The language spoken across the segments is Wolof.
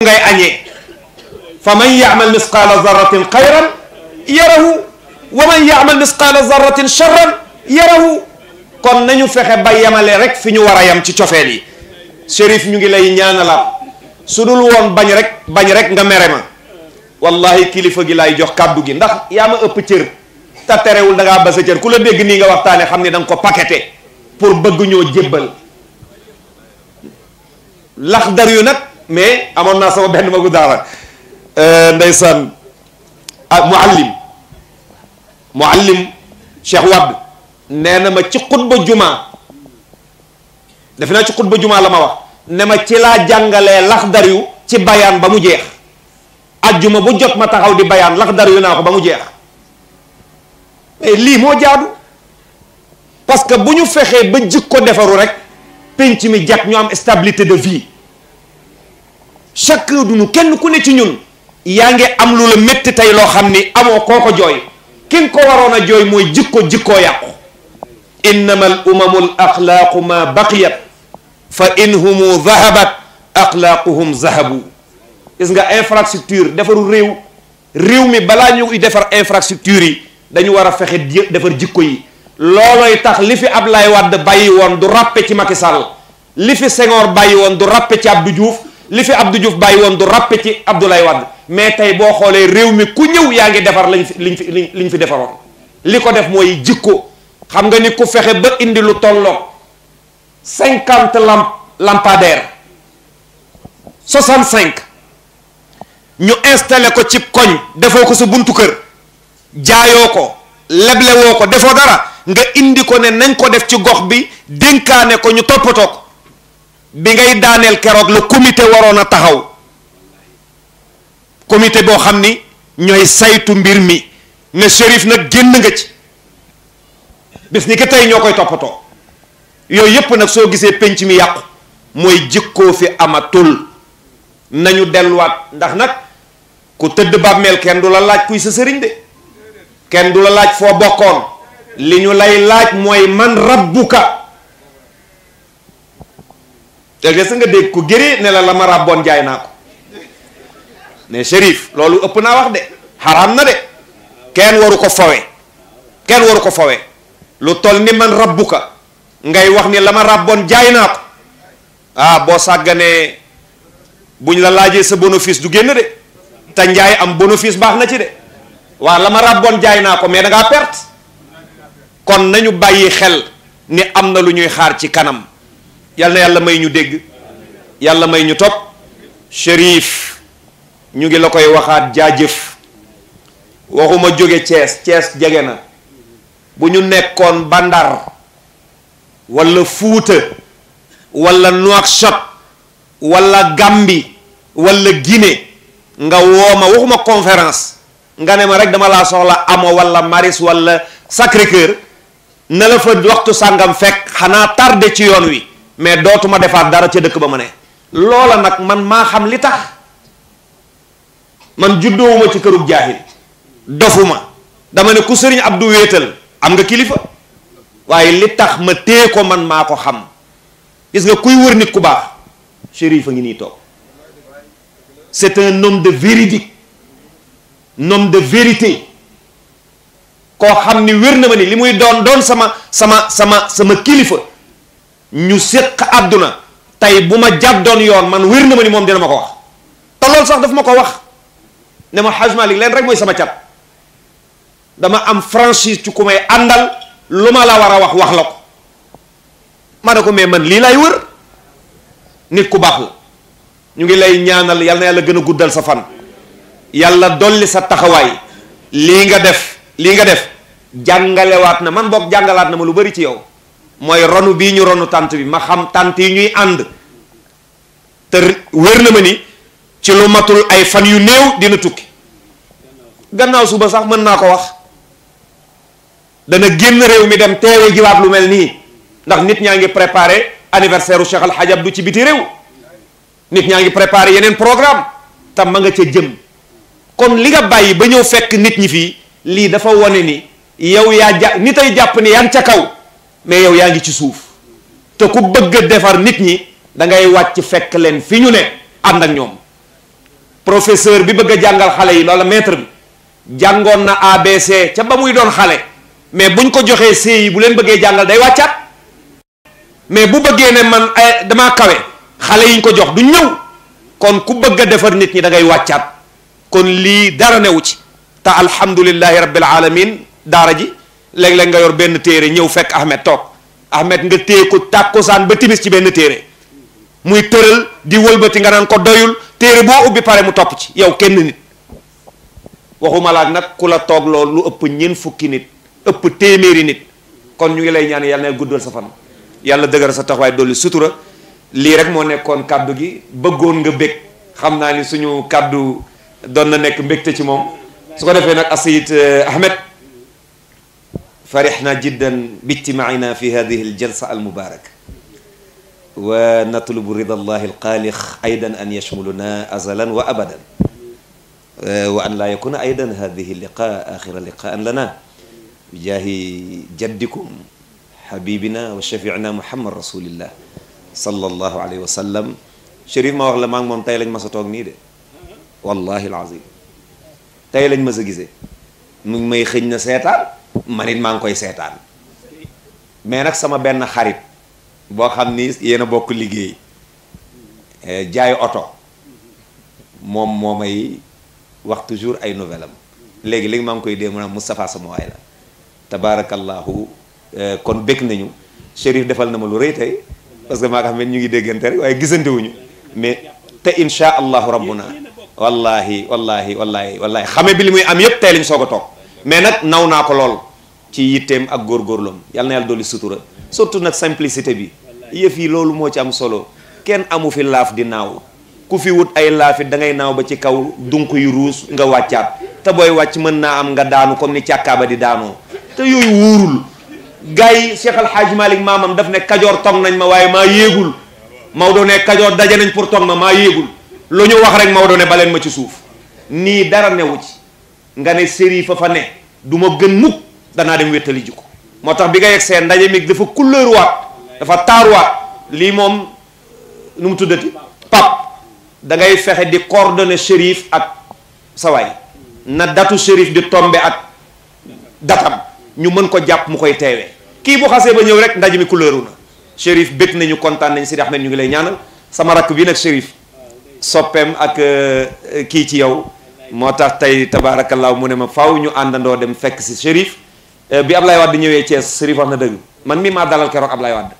ngay añee fa man yaamal misqaala zarratin xayran yarahu wa man yaamal misqaala zarratin charran yarahu kon nañu fexe ba yamale rek fi ñu war a yem ci cofeel yi shérif ñu ngi lay ñaanalaat su dul woon bañ rek bañ rek nga mere ma wallahi kilifa gi lay jox kàddu gi ndax yaa ma ëpp cër te terewul da ngaa ba sa cër ku la dégg nii nga waxtaane xam ne da nga ko paqueté pour bëgg ñoo jébbal lax yu nag mais amoon naa sama benn magu daara euh, ndeysaan ah muallim muallim Cheikh Wade nee na ma ci xutba juma defe naa ci xutba jumaa la ma wax ne ma ci laa jàngalee laxdar yu ci bayaan ba mu jeex ajjuma bu jot ma taxaw di bayaan laxdar yu naa ko ba mu jeex mais lii moo jaadu parce que bu ñu fexee ba jikko defaru rek penc mi jàpp ñoo am estabilité de vie chaque dunu kenn ku ne ci ñun yaa ngi am lu la métti tey loo xam ni amoo koo ko jooy ki ko waroon a jooy mooy jikko jikkoo yàqu innama al umamu l axlaaqu ma baqiyat fa inhumu zahabat axlaaquhum nga infrastructure defaru réew réew mi balaa ñu defar infrastructure yi dañu war a fexe defar jikko yi loolooy tax li fi ab lay Wade bàyyi woon du ràppe ci Macky li fi Senghor bàyyi woon du ràppe ci Abdou Diouf li fi Abdou Diouf bàyyi woon du ràppe ci Abdoulaye Wade mais tey boo xoolee réew mi ku ñëw yaa ngi defar lañ fi liñ fi liñ fi defaroon li ko def mooy jikko xam nga ni ku fexe ba indi lu tolloog cinquante lamp lampadaire soixante cinq ñu installé ko ci koñ defoo ko sa buntu kër jaayoo ko leblewoo ko defoo dara nga indi ko ne nañ ko def ci gox bi dénkaane ko ñu toppatoo ko bi ngay daaneel keroog la comité waroon a taxaw comité boo xam ni ñooy saytu mbir mi ne shérif nag génn nga ci bis ni ki tey ñoo koy toppatoo yooyu yépp nag soo gisee pénc mi yàqu mooy jikkoo fi amatul nañu delluwaat ndax nag ku tëdd bàmmeel kenn du la laaj kuy sa sëriñ de kenn du la laaj foo bokkoon li ñu lay laaj mooy man rabbuka te des nga dégg ko gëree ne la la ma ràbboon jaay naa ko mais shérif loolu ëpp naa wax de xaraam na de kenn waru ko fawe kenn waru ko fawe lu toll ni man rabbuka ngay wax ni la ma ràbboon jaay naa ko ah boo sàgganee buñ la laajee sa bénéfice du génn de te njaay am bénéfice baax na ci de waa la ma ràbboon jaay naa ko mais da perte kon nañu bàyyi xel ni am na lu ñuy xaar ci kanam yàlla yàlla may ñu dégg yàlla may ñu topp Chérif ñu ngi la koy waxaat jaajëf waxuma jóge Thiès Thiès jege na bu ñu nekkoon ba Ndar wala Fuuta wala Nouakchott wala Gàmbi wala Guinée nga wooma waxuma conférence nga ne ma rek dama laa soxla amo wala maris walla Sacré-Cœur na la fa waxtu sàngam fekk xanaa tarde ci yoon wi mais dootuma defaat dara ca dëkk ba ma ne loola nag man maa xam li tax man juddoowuma ci kërug jaahil dofuma dama ne ku sëriñ Abdu wéetal am nga kilifa waaye li tax ma téye ko man maa ko xam gis nga kuy wër nit ku baax Chérif a ngi nii toog c'est un homme de véridique un de vérité koo xam ni wér na ma ni li muy doon doon sama sama sama sama kilifa ñu séq àdduna tey bu ma jàddoon yoon man wér na ma ni moom dina ma ko wax te loolu sax daf ma ko wax ne ma Hajj leen rek mooy sama cat dama am franchise ci ku may àndal lu ma la war a wax wax la ko ma ne ko mais man lii lay wër nit ku baax la ñu ngi lay ñaanal yal na yàlla gën a guddal sa fan yàlla dolli sa taxawaay lii nga def lii nga def jàngalewaat na man boog jàngalaat na ma lu bari ci yow mooy ronu bii ñu ronu tànt bi ma xam tànt yi ñuy ànd te wér na ma ni ci lu matul ay fan yu néew dina tukki gannaaw suba sax mën naa ko wax dana génn réew mi dem teewe jiwaat lu mel nii ndax nit ñaa ngi préparé anniversaire u Cheikh Al Hadj ci biti réew nit ñaa ngi préparé yeneen programme te ma nga ca jëm kon li nga bàyyi ba ñëw fekk nit ñi fii lii dafa wone ni yow yaa ja nit ay jàpp ni yan ca kaw mais yow yaa ngi ci suuf te ku bëgg defar nit ñi dangay wàcc fekk leen fi ñu ne ànd ak ñoom professeur bi bëgg a jàngal xale yi loola metre bi jàngoon na ABC ca ba muy doon xale mais buñ ko joxee CI bu leen bëggee jàngal day wàccaat mais bu bëggee ne man eh, dama kawe xale yiñ ko jox du ñëw kon ku bëgg defar nit ñi da ngay wàccaat kon lii dara newu ci te alhamdulillahi rabbil alamin daara ji léeg-léeg nga yor benn téere ñëw fekk Ahmed toog Ahmed nga téye ko tàkkusaan ba timis ci benn téere muy tëral di wëlbati nga naan ko doyul téere boo ubbi pare mu topp ci yow kenn nit waxuma laaj nag ku la toog loolu lu ëpp ñeent fukki nit ëpp téeméeri nit kon ñu ngi lay ñaan yàlla na guddal sa fan yàlla dëgëral sa taxawaay dolli sutura lii rek moo nekkoon kàddu gi bëggoon nga bég xam naa ni suñu kàddu doon na nekk mbégte ci moom su ko defee nag asayid eh, Ahmed فرحنا جدا باجتماعنا في هذه الجلسة المباركة ونطلب رضا الله القالخ أيضا أن يشملنا أزلا وأبدا وأن لا يكون أيضا هذه اللقاء آخر لقاء لنا بجاه جدكم حبيبنا وشفيعنا محمد رسول الله صلى الله عليه وسلم Chérif ma wax la maa ngi moom tey lañ mas a toog nii de wallahi alazim tey lañ mas a gisee mu ngi may xëñ na seetaan man it maa ngi koy seetaan mais nag sama benn xarit boo xam ni yéen bokk liggéey eh, jaay oto moom moo may wax toujours ay nouvelle am léegi léegi maa ngi koy dee mu ne Moustapha sama waay la tabaarakallaahu eh, kon bëgg nañu Chérif defal na ma lu rëy tey parce que maa nga xam ne ñu ngi déggante rek waaye gisante mais te insha allahu rabbuna wallahi wallahi wallahi wallahi xame bi li muy am yépp tey lañ soog a toog mais nag naw naa ko lool ci yitteem ak góorgóorloom yal na yàlla dolli sutura surtout nag simplicité bi yëf yi loolu moo ci am solo kenn amu fi laaf di naaw ku fi wut ay laafit da ngay naaw ba ci kaw dunk yu ruus nga wàccaat te booy wàcc mën naa am nga daanu comme ni càkkaaba di daanoo te yooyu wuurul gars yi Cheikh Al Hadj Malick maamam daf ne kajoor tong nañ ma waaye maa yéegul Maodo ne kajoor daje nañ pour tong ma maa yéegul lu ñu wax rek Maodo ne baleen ma ci suuf nii dara newu ci nga ne séri fa fa ne du ma danaa dem wéttali jikko moo tax bi nga yegg seen ndaje mi dafa couleur waat dafa taar taaruwaat lii moom nu mu tuddati pap da ngay fexe di coordonner shérif ak sawaay na datu shérif di tombe ak datam ñu mën ko jàpp mu koy teewee kii bu xasee ba ñëw rek ndaje mi couleuru na shérif bëgg nañu kontaan nañ Sidi Ahmed ñu ngi lay ñaanal sama rakk bii nag shérif soppeem ak euh, kii ci yow moo tax tey tabaarakallaahu mu ne ma faw ñu àndandoo dem fekk si shérif Eh, bi Ablaye Wade ñëwee Thiès Serif wax na dëgg man mii maa dalal keroog Ablaye Wade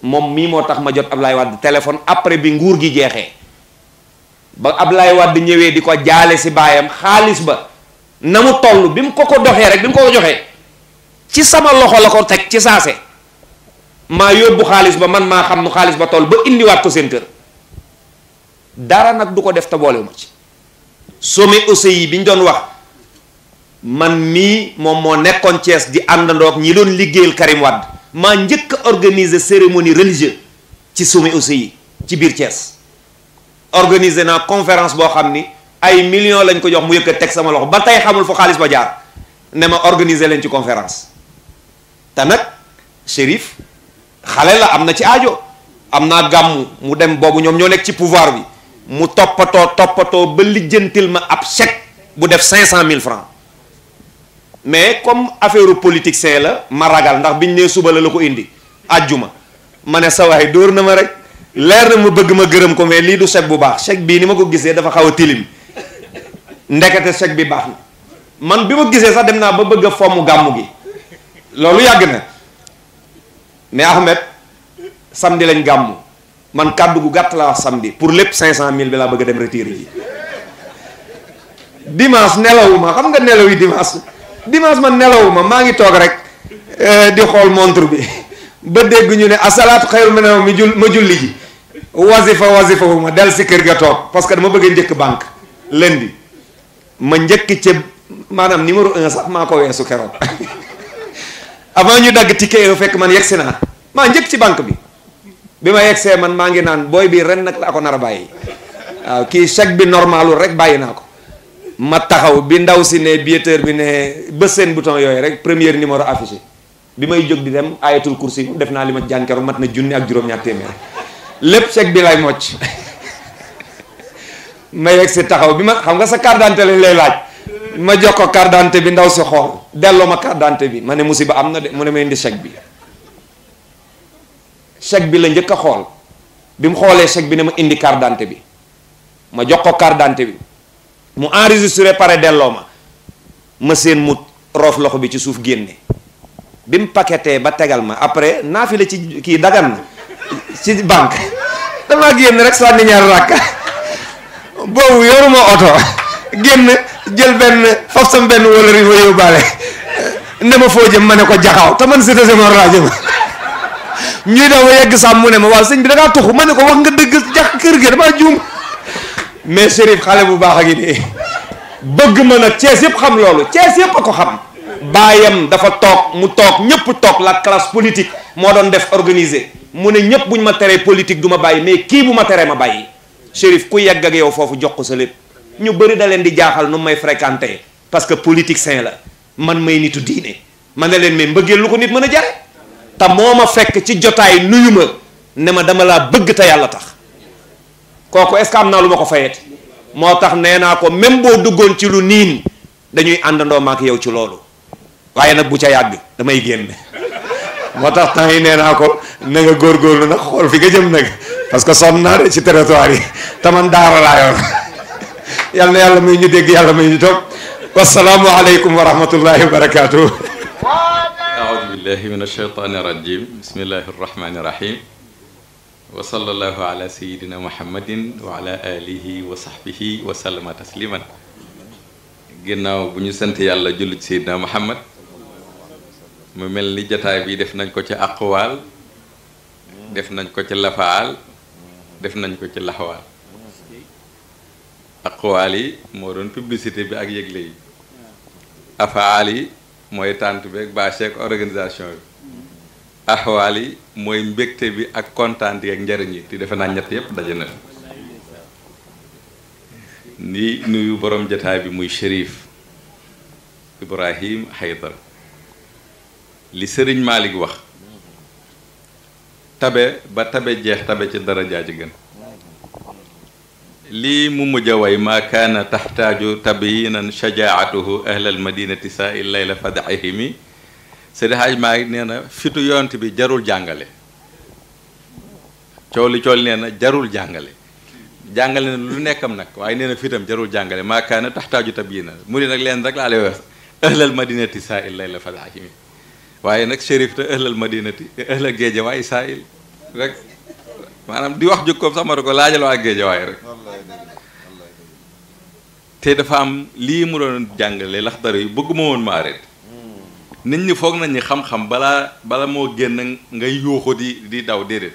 moom mii moo tax ma jot Ablaye Wade téléphone après bi nguur gi jeexee ba ab Ablaye Wade ñëwee di ko jaale si baayam xaalis ba na mu toll bi mu ko ko doxee rek bi mu ko ko joxee ci sama loxo la ko teg ci saase maa yóbbu xaalis ba man maa xam nu xaalis ba toll ba indiwaat ko seen kër dara nag du ko def te boolewuma ci sommet OCI bi ñu doon wax. man mii moom moo nekkoon Thiès di àndandoog ñii doon liggéeyal Karim Wade maa njëkk a organiser cérémonie religieuse ci sumi aussi yi ci biir Thiès organiser naa conférence boo xam ni ay millions lañ ko jox mu yëkk a teg sama loxo ba tey xamul fu xaalis ba jaar ne ma organiser leen ci conférence te nag Chérif xale la am na ci aajo am naa gàmm mu dem boobu ñoom ñoo nekk ci pouvoir bi mu toppatoo toppatoo ba lijjantil ma ab chèque bu def cinq cent mille francs mais comme affaire politique see la ma ragal ndax biñ nee suba la la ko indi àjjuma ma ne sa waay dóor na ma rek leer na ma bëgg ma gërëm ko mais lii du chèque bu baax chèque bii ni ma ko gisee dafa xaw a tilim ndekete chèque bi baax na man bi ma gisee sax dem naa ba bëgg a fomm gàmmu gi loolu yàgg na mais Ahmed samedi lañ gàmmu man kàddu gu gàtt laa wax samedi pour lépp mille bi laa bëgg a dem retirer ji dimanche nelawuma xam nga nelaw yi dimanche. dimanche man nelawuma maa ngi toog rek eh, di xool montre bi ba dégg ñu ne asalaatu xayrun mina nawm mi jul ma julli ji wasifa wasifa wu ma del si kër ga toog parce que dama bëgg njëkk leen bi ma njëkk ci maanaam numéro un sax maa ko weesu keroog avant ñu dagg ticket fekk man yegg si naa maa njëkk ci banque bi bi ma yegsee man maa ngi naan booy bi ren nag laa ko nar a bàyyi waaw kii chèque bi normalul rek bàyyi naa ko ma taxaw bi ndaw si ne billetteur bi ne ba seen bouton yooyu rek premier numéro affiché bi may jóg di dem ayatul kursi def naa li ma jàng keroog mat na junni ak juróom-ñaar téeméer lépp chèque bi lay mocc ma yegg si taxaw bi ma xam nga sa carte d'identité lañ lay laaj ma jox ko carte d'identité bi ndaw si xool delloo ma carte d'identité bi ma ne musiba am na de mu ne ma indi chèque bi chèque bi la njëkk a xool bi mu xoolee chèque bi ne ma indi carte d'identité bi ma jox ko carte d'identité bi mu enregistré pare delloo ma ma seen mu roof loxo bi ci suuf génne bi mu paquetee ba tegal ma après naa fi la ci kii dagan na ci banque damaa génn rek sànni ñaar rakk boobu ma oto génn jël benn faf sam benn wala ri ma yóbbaale ne ma foo jëm ma ne ko jaxaw te man Cité Senghor laa jëm ñuy daw yegg sàmm mu ne ma waaw sëñ bi da ngaa ma ne ko wax nga dëgg jax kër gi damaa juum mais Chérif xale bu baax a ngi nii bëgg ma nag Cees yëpp xam loolu Cees yëpp a ko xam baayam dafa toog mu toog ñëpp toog la classe politique moo doon def organiser mu ne ñëpp buñ ma teree politique du ma bàyyi mais kii bu ma teree ma bàyyi Chérif ku yegg ak yow foofu jox ko sa lépp ñu bëri da leen di jaaxal nu may fréquenté parce que politique sain la man may nitu diine ma ne leen mais mbëggeel lu ko nit mën a jare te moo ma fekk ci jotaay nuyu ma ne ma dama laa bëgg te yàlla tax kooku est-ce que am naa lu ma ko fayeet moo tax nee naa ko même boo duggoon ci lu niin dañuy àndandoo maak yow ci loolu waaye nag bu ca yàgg damay génn moo tax temps yi nee naa ko na nga góorgóorlu xool fi nga jëm nag parce que sonn naa de ci territoire yi te man daara laa yor yal na yàlla may ñu dégg yàlla may ñu topp wasalaamu aleykum wa rahmatullahi wa barakatuh aoudu billahi min alsheytani irajim bismillahi arrahmani irrahim wa sallallahu ala sayidina muhammadin wa ala alihi wa sahbihi wa sallama tasliman ginnaaw bu ñu sant yàlla jullit sayidina muhammad mu mel ni jataay bi def nañ ko ci aqwaal def nañ ko ci lafaal def nañ ko ci laxwaal aqwaal yi moo doon publicité bi ak yëgle yi afaal yi mooy tànt beeg bâche ak organisation bi axwaal mooy mbégte bi ak kontaan yi ak njariñ yi te defe naa ñett yépp daje na ni nuyu borom jataay bi muy Chérif Ibrahim Haydara li sëriñ Malick wax tabe ba tabe jeex tabe ci dara jaaji gën lii mu mujj way maa kaana taxtaaju tabiinan shajaatuhu ahlal madinati saa il layla fadaxihimi Seydi Hadj Malick nee na fitu yonent bi jarul jàngale coow li coow li nee na jarul jàngale jàngale na lu nekkam nag waaye nee na fitam jarul jàngale maakaana taxtaaju tab yii na mu di nag leen rek laa lay wax ëhlal madinati saa il lay la fadaahimi waaye nag shérif te ëhlal madinati ëhlal géeje waaye saa il rek maanaam di wax jukkoom sax ma ko laajal waa géeje waaye rek te dafa am lii mu doon jàngale laxdar yi bëgguma woon ma arrêté nit ñi foog nañ ni xam-xam balaa bala moo génn ngay yuuxu di di daw déedéet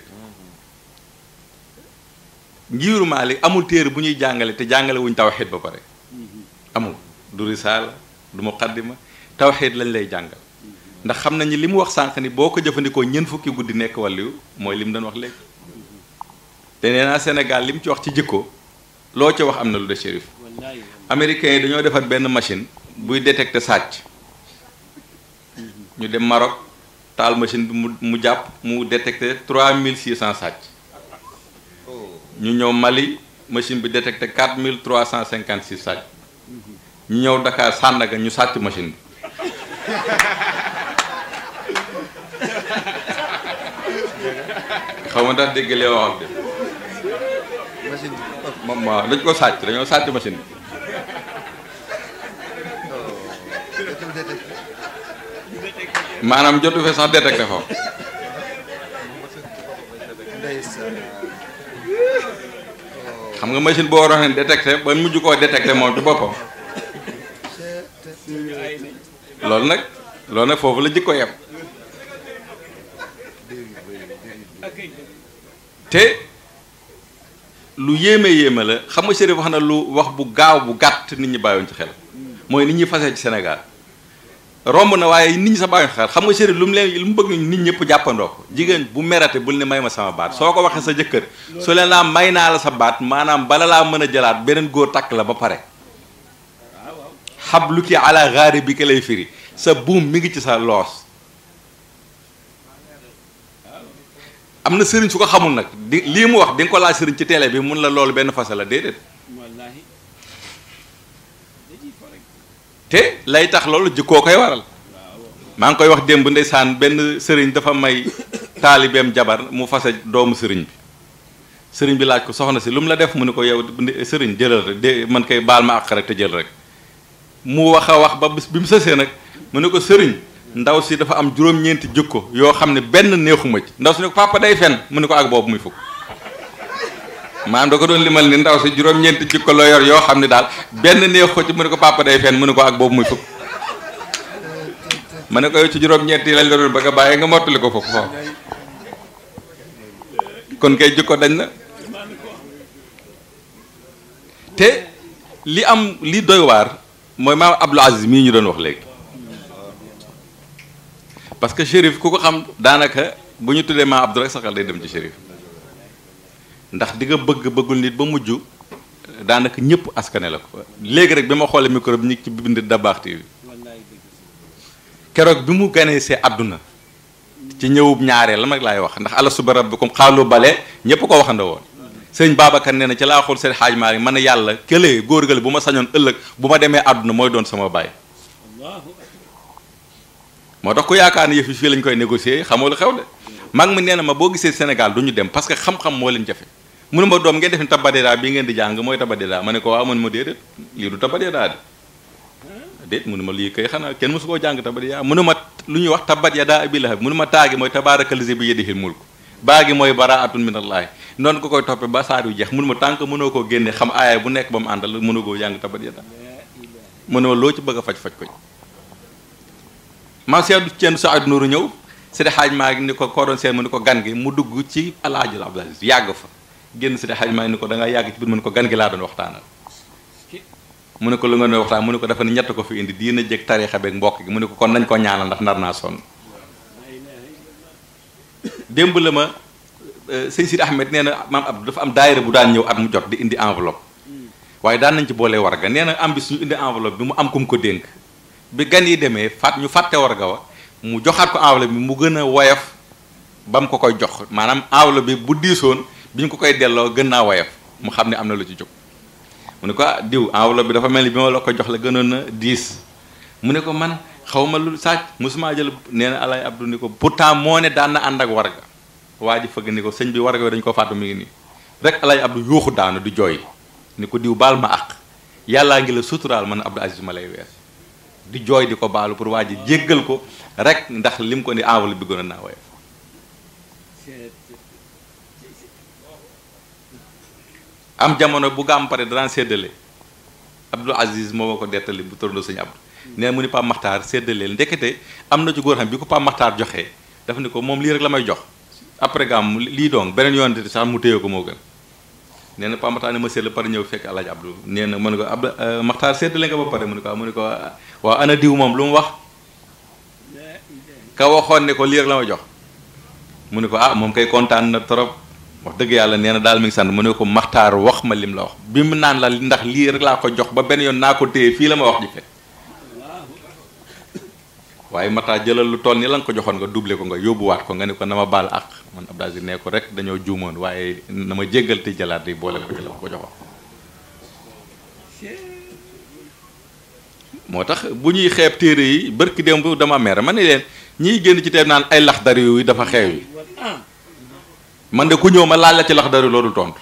ngiiru Maalik amul téere bu ñuy jàngale te jàngalewuñ wuñ tawxiid ba pare amul du risaala du muqaddima tawxiid lañ lay jàngal ndax xam nañu li mu wax sànq ni boo ko jëfandikoo ñeent fukki guddi nekk wàllu mooy li mu doon wax léegi te nee naa Sénégal li mu ci wax ci jikko loo ci wax am na lu de shérif américains yi dañoo defar benn machine buy détecter sàcc ñu dem Maroc taal machine bi mu mu jàpp mu détecté trois mille six cent sàcc oh. ñu ñëw Mali machine bi détecté quatre mille trois cent cinquante six sàcc ñu ñëw ndakaar Sandaga ñu sàcc machine bi xaw ma ndax dégg lee bi moom waaw dañ ko sàcc dañoo sàcc machine bi. maanaam jotu fe sax détecté foofu xam nga machine boo waroon ne détecté ba mujj koo détecté moom ci boppam loolu nag loolu nag foofu la jikko yem te lu yéeme yéeme la xam nga Chérif wax na lu wax bu gaaw bu gàtt nit ñi bàyyoon ci xel mooy nit ñi fase ci Sénégal romb na waaye nit ñi sa bàyyi xel xam nga séeréer lu mu leen lu mu bëgg nit ñëpp jàppandoo ko jigéen bu merate bul ne may ma sama baat soo ko waxee sa jëkkër su leen laa may naa la sa baat maanaam bala laa mën a jëlaat beneen góor takk la ba pare xab lu ki ala gaari bi ka lay firi sa buum mi ngi ci sa loos am na sëriñ su ko xamul nag di lii mu wax di nga ko laa sëriñ ci tele bi mun la loolu benn fase la déedéet te lay tax loolu jëkkoo koy waral maa ngi koy wax démb ndeysaan benn sëriñ dafa may taalibeem jabar mu fase doomu sëriñ bi sëriñ bi laaj ko soxna si lu mu la def mu ne ko yow sëriñ jëlal rek de man koy baal ma rek jël rek mu wax wax ba bi mu sësee nag mu ne ko sëriñ ndaw si dafa am juróom-ñeenti jikko yoo xam ne benn neexuma ci ndaw si ne ko papa day fen mu ne ko ak boobu muy fukk maanaam da ko doon limal ni ndaw si juróom-ñeenti jikko la yor yoo xam ne daal benn neex ko ci mu ne ko papa day fen mu ne ko ak boobu muy fukk ma ne ko yow ci juróom-ñeenti lañ la doon bëgg a bàyyi nga mottali ko foofu foofu kon kay jikko dañ na te li am li doywaar mooy maam Abdou Aziz mii ñu doon wax léegi parce que shérif ku ko xam daanaka bu ñu tuddee maa Abdou rek saxal day dem ci shérif ndax di bëgg bëggul nit ba mujj daanaka ñëpp askane la ko léegi rek bi ma xoolee micro bi ñu ci bind Dabakh TV keroog bi mu ganee àdduna ci ñëwub la mag laay wax ndax ala suba rabbikum xaalu bale ñëpp ko waxanda woon sëñ Babacar nee ci laa xool seen xaaj maa man yàlla këlee góor gale bu ma sañoon ëllëg bu ma demee àdduna mooy doon sama baay moo tax ku yaakaar ne yëf yi fii lañ koy négocier xamoo lu xew de mag mi nee na ma boo gisee Sénégal du ñu dem parce que xam-xam jafe mu ma doom ngeen def ni tabadeedaa bii ngeen di jàng mooy tabadeedaa ma ne ko waaw man ma déedéet lii du tabadeedaa de déet mu ne lii kay xanaa kenn mosu koo jàng tabadeedaa mu ne ma lu ñuy wax tabat yadaa abii lahab mu ne ma taagi mooy tabaarakallazi bi yadihil mulk baagi mooy baraatun minallaahi noonu ko koy toppe ba saar yu jeex mu ma tànk mënoo koo génne xam aaya bu nekk ba mu àndal mënoo koo jàng tabat yadaa mu ne ma loo ci bëgg a faj-faj ko maa seedu ceen Saad Nuuru ñëw Seydi Xaaj maa ni ko koo doon seen mu ne ko gan gi mu dugg ci alaajul Abdul Aziz yàgg fa génn si de xaj maa ni ko da yàgg ci biir mu ne ko gan gi laa doon waxtaanal mu ne ko lu nga doon waxtaan mu ne ko dafa ne ñett ko fi indi diina jëg tariixa beeg mbokk gi mu ne ko kon nañ ko ñaanal ndax nar naa sonn démb la ma euh, sëñ Sidi Ahmed nee na maam Abdou dafa am daayira bu daan ñëw at mu jot di indi enveloppe waaye daan nañ ci boole warga nee na am bi suñu indi enveloppe bi mu am ku mu ko dénk bi gan yi demee faat ñu fàtte war warga wa mu joxaat ko enveloppe bi mu gën a woyof ba ko koy jox maanaam enveloppe bi bu diisoon bi ñu ko koy delloo gën naa woyof mu xam ne am na lu ci jóg mu ne ko ah, diw enveloppe bi dafa mel ni bi ma la ko jox la gënoon na diis mu ne ko man xaw ma lu sàcc mosuma jël nee na alaay abdu ni ko pourtant moo ne daan na ànd ak warga waa ji fëgg ni ko sëñ bi warga dañ ko fàttu mi ngi nii rek alaay abdu yuuxu daanu di jooy ni ko diw baal ma àq yàllaa ngi la suturaal man abdu aziz ma lay wees di jooy di ko baalu pour waa ji jéggal ko rek ndax lim ko ni enveloppe bi gënoon naa woyof am jamono bu gàmm pare danaan séddale Abdou Aziz moo ma ko dettali bu tërandoo sëñ Abdou nee mu ni Pape Makhtar seddalee ndekete am na ci góor xam bi ko Pape Makhtar joxe daf ni ko moom lii rek la may jox après gàmm lii dong beneen yoon di sax mu ko moo gën na Pape Makhtar ne ma séddale pare ñëw fekk El Hadj na mu ne ko Abdou euh, Makhtar séddale nga ba pare mu ne ko ko waaw ana diw moom lu wax ka ne ko lii rek jox mu ne ko ah moom kay kontaan na trop. wax dëgg yàlla nee na daal mi ngi sant mu ne ko maxtaar wax ma lim la wax bi mu naan la ndax lii rek laa ko jox ba benn yoon naa ko téye fii la ma wax ji fekk waaye mataa jëlal lu toll ni la nga ko joxoon nga doublé ko nga yóbbuwaat ko nga ne ko na ma baal àq man Abdou Aziz nee ko rek dañoo juumoon waaye na ma jéggal te jëlaat di boole ko ci la ko joxoon moo tax bu ñuy xeeb téere yi bërki démb dama mer ma ne leen ñiy génn ci teeb naan ay laxdar yu dafa xeew man de ku ñëw ma laaj ci ci laxdari loolu tontu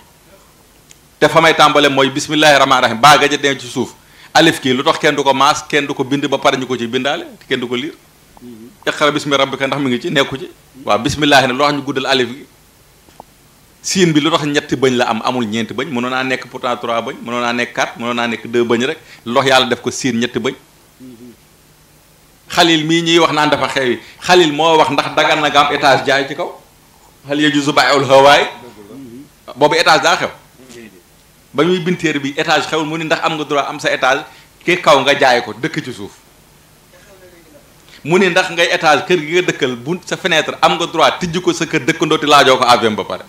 te fa may tàmbale mooy bismillahi rahmaani rahim baa gaja den ci suuf alif kii lu tax kenn du ko maas kenn du ko bind ba pare ñu ko ci bindaale kenn du ko liir iqra bismi rabbika ndax mi ngi ci nekku ci waa bismillahi ne loo tax ñu guddal alif gi siin bi lu tax ñetti bëñ la am amul ñeenti bañ mënoon naa nekk pourtant trois bañ mënoon naa nekk quatre mënoon naa nekk deux bañ rek lu tax yàlla def ko siin ñetti bañ xalil ñuy wax naan dafa xewi moo wax ndax dagan na nga am jaay ci kaw xal yeju su bàyyiwul xawaay boobu étage daa xew ba ñuy bintéer bi étage xewul mu ni ndax am nga droit am sa étage ki kaw nga jaay ko dëkk ci suuf mu ni ndax ngay étage kër gi nga dëkkal bu sa fenêtre am nga droit tijj ko sa kër dëkkandooti laajoo ko avion ba pare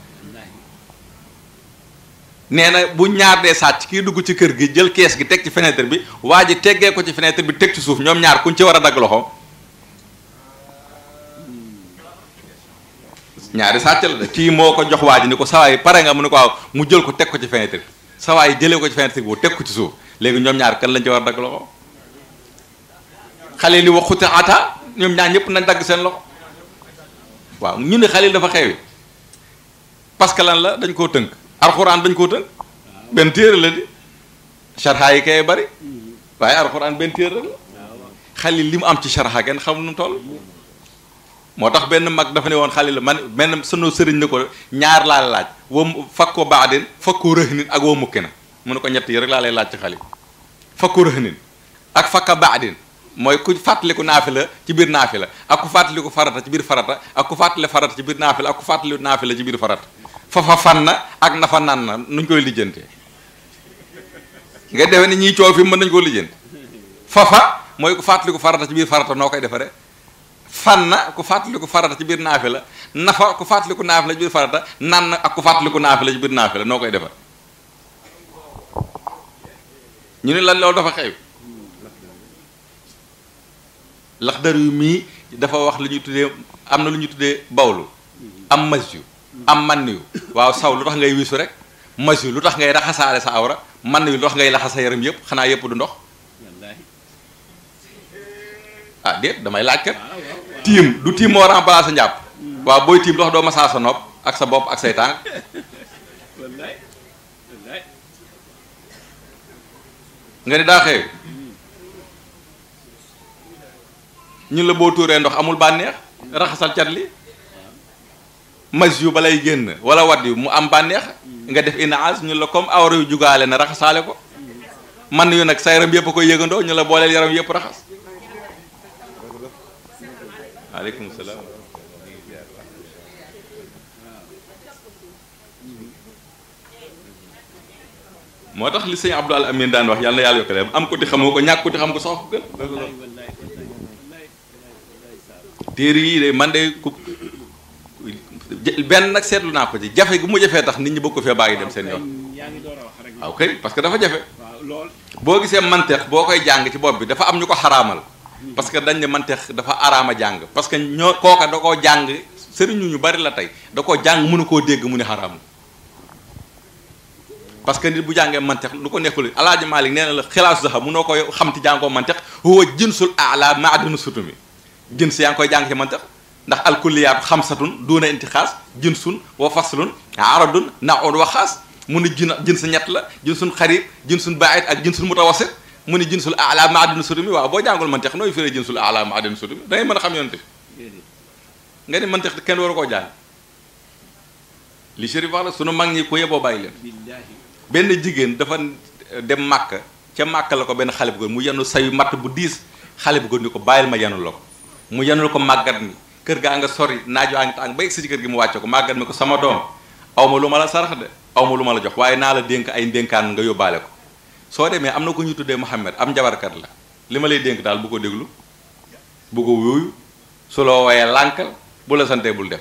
nee na bu ñaar dee sàcc kii dugg ci kër gi jël kees gi teg ci fenêtre bi waa ji teggee ko ci fenêtre bi teg ci suuf ñoom ñaar kuñ ci war a dagg loxo ñaari sàcc la de kii moo ko jox waa ji ni ko sawaay pare nga mu ne ko waaw mu jël ko teg ko ci fenêtre sawaay jëlee ko ci fenêtre boobu teg ko ci suuf léegi ñoom ñaar kan lañ ci war a dagg loxo xale li waxute ata ñoom ñaar ñëpp nañ dagg seen loxo waaw ñu ne xale dafa xewi parce que lan la dañ koo tënk alxuraan dañ koo tënk benn téere la di sharha yi kay bari waaye alxuraan benn téere la xale li mu am ci sharha kenn xam nu mu toll moo tax benn mag dafa ne woon xale la man benn sunu sëriñ ni ko ñaar laa laaj wa fakko baadin fakko rëhnin ak wa mukki mu ne ko ñett yi rek laa lay laaj ci xale fakko rëhnin ak fakka baadin mooy ku fàttaliku la ci biir la ak ku fàttaliku farata ci biir farata ak ku fàttali farata ci biir naafila ak ku fàttali naafila ci biir farata fafa fan na ak nafa nan na nuñ koy lijjante nga mën nañ koo lijjante mooy ku fàttaliku farata ci biir farata noo koy defaree fanna ku fàttaliku farata ci biir naafi la nafa ku fàttaliku naafi la ci biir farata nan ak ku fàttaliku naafi la ci biir naafi noo koy defar ñu ne lan loolu dafa xew dër yu mii dafa wax lu ñuy tuddee am na lu ñuy tuddee bawlu am mas yu am man yu waaw saw lu tax ngay wisu rek mas yu lu tax ngay raxasaale sa awra man yu lu tax ngay raxas sa yaram yëpp xanaa yépp du ndox ah déet damay laaj kat tiim du tiim moo remplacé njàpp waaw booy tiim dox doo masaa sa nopp ak sa bopp ak say tànk nga ne daa xew ñun la boo tuuree ndox amul bànneex raxasal cat li mas yu balay génn wala wat yu mu am bànneex nga def inaas ñun la comme awra yu jugaale na raxasaale ko man yu nag sa yaram yëpp a koy yëgandoo ñu la booleel yaram yëpp raxas maaleykum salaam. tax li sëñ Abdou Al Amin daan wax yàlla yàlla am ko ti ko ñàkk xam ko sax ko gën. téere man de ku benn nag seetlu naa ko ci jafe gu mu tax nit ñi bëgg fee bàyyi dem seen yoon. waaw kay parce que dafa jafe. boo gisee manteex boo koy jàng ci bopp bi dafa am ñu ko xaraamal. parce que dañ ne manteex dafa araama jàng parce que ñoo kooka da koo jàng sëriñu ñu bari la tey da koo jàng mënu koo dégg mu ne xaraam parce que nit bu jàngee manteex lu ko nekkul alaaji Maalik nee na la xilaasu sax munoo koy xam ti jàngoo manteex huwa jinsul aala maadinu sutumi jins yaa ngi koy jàng ci manteex ndax alkulliyaat xamsatun duuna intixaas jinsun wa faslun aradun naun wa xaas mu ne jin jins ñett la jinsun xarib jinsun baid ak jinsun mutawasit mu ne jinsul ala maadinu sudumi waaw boo jàngul mantex nooy firee jinsul ala maadinu sudumi da ngay mën a xam yonent bi nga ne mantex kenn waru koo jàng li Chérif wax la sunu mag ñi ko yeboo bàyyi leen benn jigéen dafa dem màkk ca màkk la ko benn xale bu góor mu yenu sayu matt bu diis xale bu góor ni ko bàyyil ma yenu la ko mu yenul ko màggat mi kër gaa nga sori naaj waa ngi tàng ba egg si ci kër gi mu wàcce ko màggat mi ko sama doom aw ma lu ma la sarax aw ma lu ma la jox waaye naa la dénk ay ndénkaan nga yóbbaale ko soo demee am na ko ñu tuddee Mouhamed am njabarkat la li ma lay dénk daal bu ko déglu bu ko wuyu su loo wayee lànkal bu la santee bul def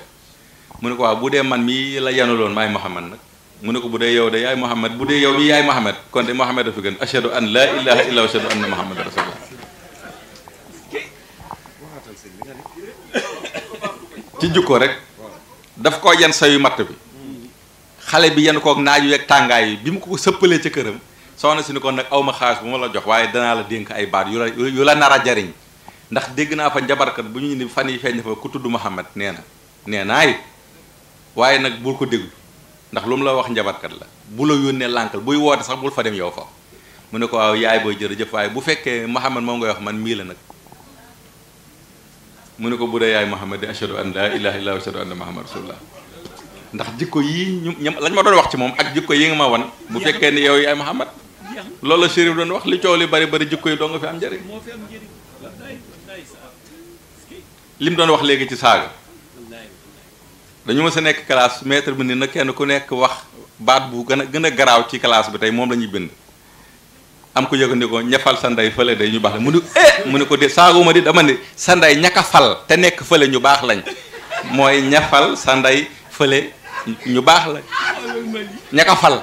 mu ne ko waaw bu dee man mii la loon maay Mouhamed nag mu ne ko bu dee yow de yaay Mouhamed bu dee yow mii yaay Mouhamed kon de Mouhamed a fi gën a an laa ilaha illa wa ashadu anna Mouhamed rasulullah ci ko yan sayu matt bi xale bi yan kook naaju yeeg tàngaay bi bi mu ko sëppalee ca këram soxna si ni kon nag aw ma xaalis bu ma la jox waaye danaa la dénk ay baat yu la yu la nar jariñ ndax dégg naa fa njabarkat bu ñu ni fan yi feeñ fa ku tudd Muhammad nee na nee naa waaye nag bul ko déglu ndax lu mu la wax njabarkat la bu la yónnee lànkal buy woote sax bul fa dem yow fa mu ne ko waaw yaay booy jël jërëjëf waaye bu fekkee Muhammad moom ngay wax man mii la nag mu ne ko bu dee yaay Muhammad di ashadu an laa ilaha ashadu anna Muhammad rasulullah ndax jikko yii ñu lañ ma doon wax ci moom ak jikko yi ma wan bu fekkee ne yow yaay Muhammad loolu la Chérif doon wax li coow li bari bari jikko yi doo nga fi am njëriñ mu doon wax léegi ci saaga dañu mës a nekk classe maître bi ni na kenn ku nekk wax baat bu gën a gën a garaaw ci classe bi tey moom lañuy bind am ko yëg ni ñafal sa ndey fële day ñu baax la mu ni eh mu ni ko de saaguma di dama ni sa ndey ñaka fal te nekk fële ñu baax lañ mooy ñafal sa ndey fële ñu baax la ñaka fal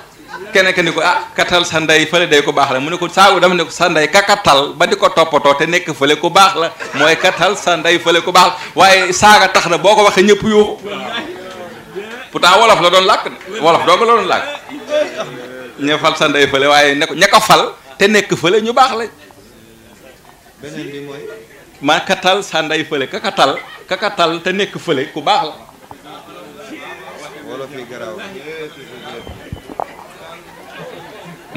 keneen ke ni ko ah katal sa ndey fële day ko baax la mu ne ko saabu dama ne ko sa ndey kakatal ba di ko toppatoo te nekk fële ku baax la mooy katal sa ndey fële ku baax waaye saaga tax na boo ko waxee ñëpp yuuxu pourtant wolof la doon làkk wolof doo ko sa ndey fële waaye ne ko fal te nekk fële ñu baax lañ beneen bi mooy maa katal te nekk fële ku baax la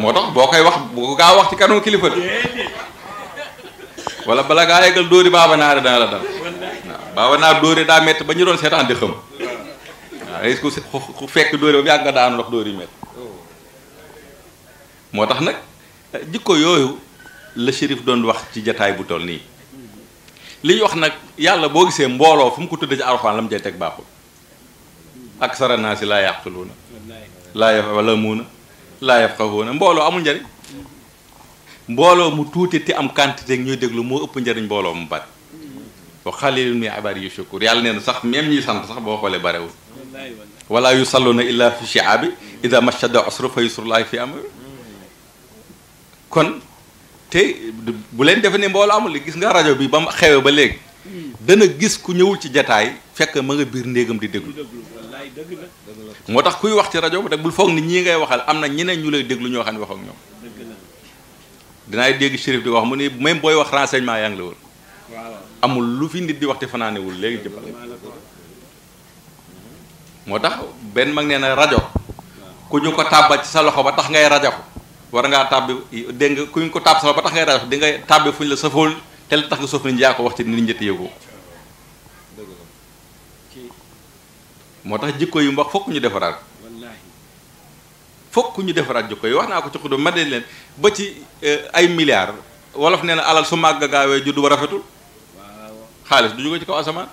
moo tax boo koy wax boo gaa wax ci kanamu kilifa wala bala ngaa yeggal dóori baaba naare dana la dal waaw baaba naar daa métti ba ñu doon seetaan di xam waaw est-ce ku fekk dóori ba mu yàgg nga daanu ndox dóori métti moo tax nag jikko yooyu la shérif doon wax ci jataay bu toll nii li ñu wax nag yàlla boo gisee mbooloo fu mu ko tudd ci arxaan la mu cay teg baaxul ak saranaasi laa yàqtuluuna laa yafalamuuna laa yafqahuuna mbooloo amul njariñ mbooloo mu tuuti te am quantité ñuy déglu moo ëpp njariñ mbooloo mu bari wa xalilun min ibaadiya shakuur yàlla nee na sax même ñuy sant sax boo xoolee barewul wala yusalluuna illa fi shi'aabi ida mashada usru fa yusrullahi fi amri kon te bu leen defe ne mbooloo amul li gis nga rajo bi ba mu xewee ba léegi dana gis ku ñëwul ci jataay fekk ma nga biir ndéegam di déglu moo tax kuy wax ci rajo rek bul foog ni ñii ngay waxal am na ñeneen ñu lay déglu ñoo xam ne wax ak ñoom dinaay dégg shérif di wax mu ne même booy wax renseignement yaa la wër amul lu fi nit di wax te fanaanewul léegi jëpp moo tax benn mag nee na rajo ku ñu ko tàbba ci sa loxo ba tax ngay rajo ko war ngaa tàbbi dégg nga ku ñu ko tàbb sa loxo ba tax ngay rajo di nga tàbbi fu ñu la safool te la tax nga soof ni yaa ko wax ci nit ñi te yëgoo moo tax jikko yu mbokk fokk ñu defaraat fokk ñu defaraat jikko yi wax naa ko ci xuddu ma ne leen ba ci eh, ay milliards wolof nee na alal su màgg gaawee juddu ba rafetul xaalis du jóge ci kaw asamaan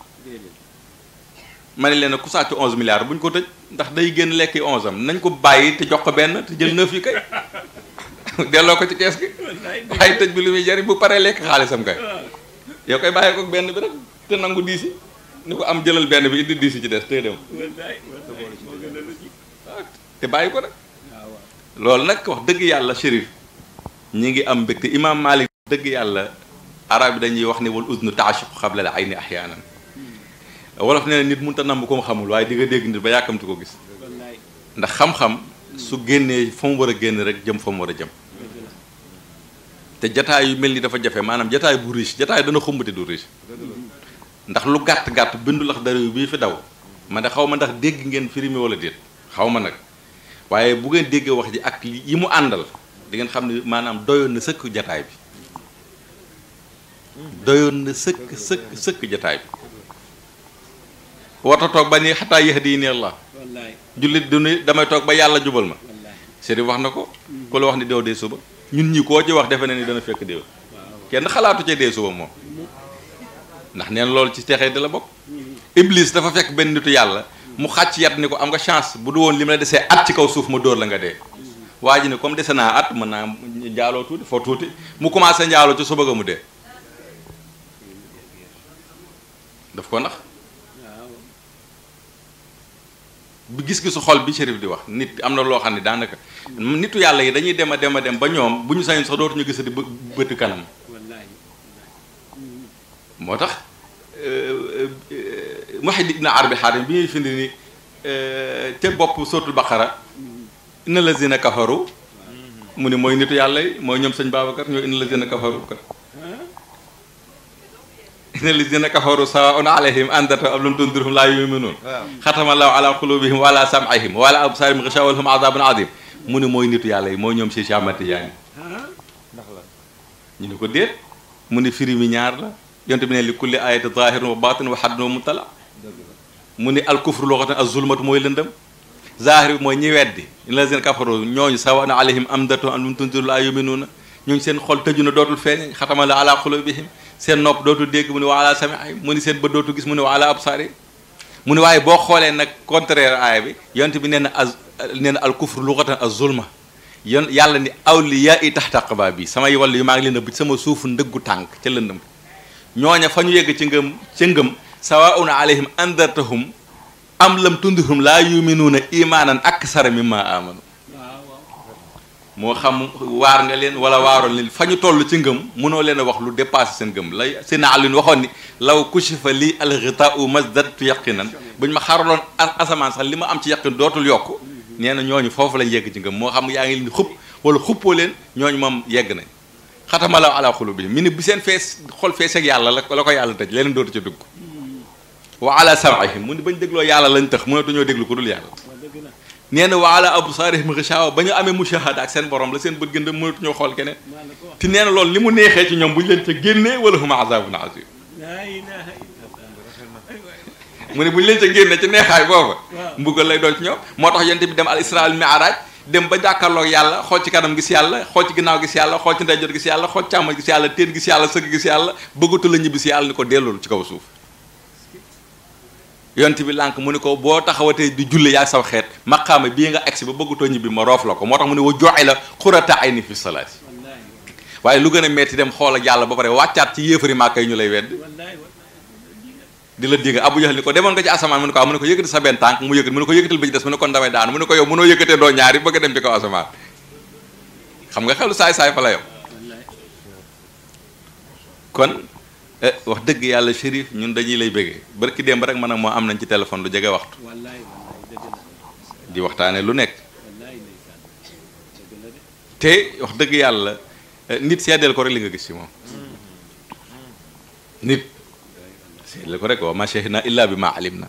ma ne leen ku sàcc onze milliards buñ ko tëj ndax day génn lekki onze am nañ ko bàyyi te jox ko benn te jël neuf yi kay delloo ko ci kees gi waaye tëj bi lu muy jari bu paree lekk xaalisam kay ah. yoo koy bàyyi ko benn bi rek te nangu diisi ni ko am jëlal benn bi indi diis yi ci des tey dem te bàyyi ko nag loolu nag wax dëgg yàlla shérif ñi ngi am mbégte imaam Malik dëgg yàlla arab yi dañuy wax ne wal udnu taashiqu qabla al ayni ahyaanan wolof nee na nit mun a namb ko mu xamul waaye di nga dégg nit ba yàkkamti ko gis ndax xam-xam su génnee fa mu war a génn rek jëm fa mu war a jëm te jataay yu mel ni dafa jafe maanaam jataay bu riche jataay dana xumbati du riche ndax lu gàtt gàtt bindu lax dara yu bii fi daw man de xaw ma ndax dégg ngeen firime walla déet xaw ma nag waaye bu ngeen déggee wax ji ak yi mu àndal di ngeen xam ne maanaam doyoon na sëkk jataay bi doyoon na sëkk sëkk sëkk jataay bi warta toog ba ni xataa yéex di neex la jullit du ni damay toog ba yàlla jubal ma Serigne wax na ko hmm. ku la wax ni dew dee suba ñun ñi koo ci wax defe na ni dana fekk déew kenn xalaatu ca dee suba moom ndax neen loolu ci texee da la bokk iblis dafa fekk benn nitu yàlla mu xàcc yat ni ko am nga chance bu du woon li ma desee at ci kaw suuf ma dóor la nga dee waa ji ne comme dese naa at mën naa njaaloo tuuti foo tuuti mu commencé njaaloo ci suba ga mu dee daf ko nax bi gis-gisu xol bi Chérif di wax nit am na loo xam ne daanaka nitu yàlla yi dañuy dem a dem a dem ba ñoom bu ñu sañoon sax ñu dootuñu gisati bë bëti kanam moo tax Muhammad ibn Arabi Hatim bi ñuy findi ni te euh, bopp sootul baqara inna lazina kafaru mu ni mooy nitu yàlla yi mooy ñoom sëñ Babacar ñoo inna lazina kafaru kat inna lazina kafaru sawaun am lam tundirhum laa yuminuun xatama laahu ala qulubihim wa ala sam'ihim wa ala absarihim ghishawa lahum azabun azim mu ni mooy nitu yàlla yi mooy ñoom si Cheikh Ahmad Tidiane ñu ni ko déet mu ni firi mi ñaar la yonte bi ne li kulli ayati zahirun wa batin wa haddun wa mutala mu ni alkufru loo xam ne azulmatu mooy lëndëm zahir bi mooy ñi weddi lazina kafaru ñooñu sawan alayhim amdatu an lum tunziru la yuminuuna ñu ngi seen xol tëju na dootul feeñ xatama la ala xulubihim seen nopp dootul dégg mu ni wa ala samiay mu ni seen bët dootul gis mu ni wa ala absaari mu ni waaye boo xoolee nag contraire aaya bi yonte bi nee na az nee na alkufru luxatan az zulma yon yàlla aw awliya i tax taqaba bi samay wàll yu maa ngi leen a sama suufu ndëggu tànk ca lëndëm ñooña fa ñu yegg ci ngëm ci ngëm sawaun alayhim andartahum am lam tundirhum laa yuminuuna imaanan ak mimma amanu moo xam waar nga leen wala waaroon leen fa toll ci ngëm mënoo leen a wax lu dépassé seen ngëm lay si naa lin waxoon ni law kushifa lii alghitaau masdatu yaqinan buñ ma xaraloon asamaan sax li ma am ci yaqin dootul yokk nee na ñooñu foofu lañ yegg ci ngëm moo xam yaa ngi leen di xupp wala xuppoo leen ñooñu moom yegg nañ xatamalaw ala xulubi mi ne bi seen fees xol fees ak yàlla la la ko yàlla tëj leneen dootu ca dugg wa ala sam'ihim mu ne bañ dégloo yàlla lañ tax mënatuñoo déglu ko dul yàlla nee na wa ala absaarihim ghishaawa ba ñu amee mushahada ak seen borom la seen bët gën a mënatuñoo xool keneen te nee lool loolu li mu neexee ci ñoom bu ñu leen ca génnee wala hum azabun azim mu ne bu ñu leen ca génnee ci neexaay booba mbugal lay doon ci ñoom moo tax yonent dem al isra al dem ba jàkkaarloog yàlla xool ci kanam gis yàlla xool ci ginnaaw gis yàlla xool ci ndeyjoor gis yàlla xool ci càmmoñ gis yàlla teen gis yàlla sëgg gis yàlla bëggatu ñibbi si yàlla ni ko dellul ci kaw suuf yonent bi lànk mu ne ko boo taxawatee di julli yaa saw xeet maqaama bii nga agsi ba bëggatoo ñibbi ma roof la ko moo tax mu ne wa joxe la xurata ay ni fi salaati waaye lu gën a metti dem xool ak yàlla ba pare wàccaat ci yéefari màkka yi ñu lay wedd di la dégg Abu Jahl ni ko demoon nga ci asamaan mu ne ko mu ne ko yëkkati sa benn tànk mu yëkkati mu ne ko yëkkatil bi ci des mu ne kon damay daanu mu ne ko yow mënoo yëkkatee doo ñaari bëgg a dem ci kaw asamaan xam nga xelu saay-saay fa la yow kon eh, wax dëgg yàlla shérif ñun dañuy lay bëggee barki démb rek man ak moo am nañ ci téléphone lu jege waxtu di waxtaane lu nekk te wax dëgg yàlla eh, nit seddeel ko rek li nga gis ci moom mm-hmm. nit seetle ko rek wa ma shahidna illa bi ma alim na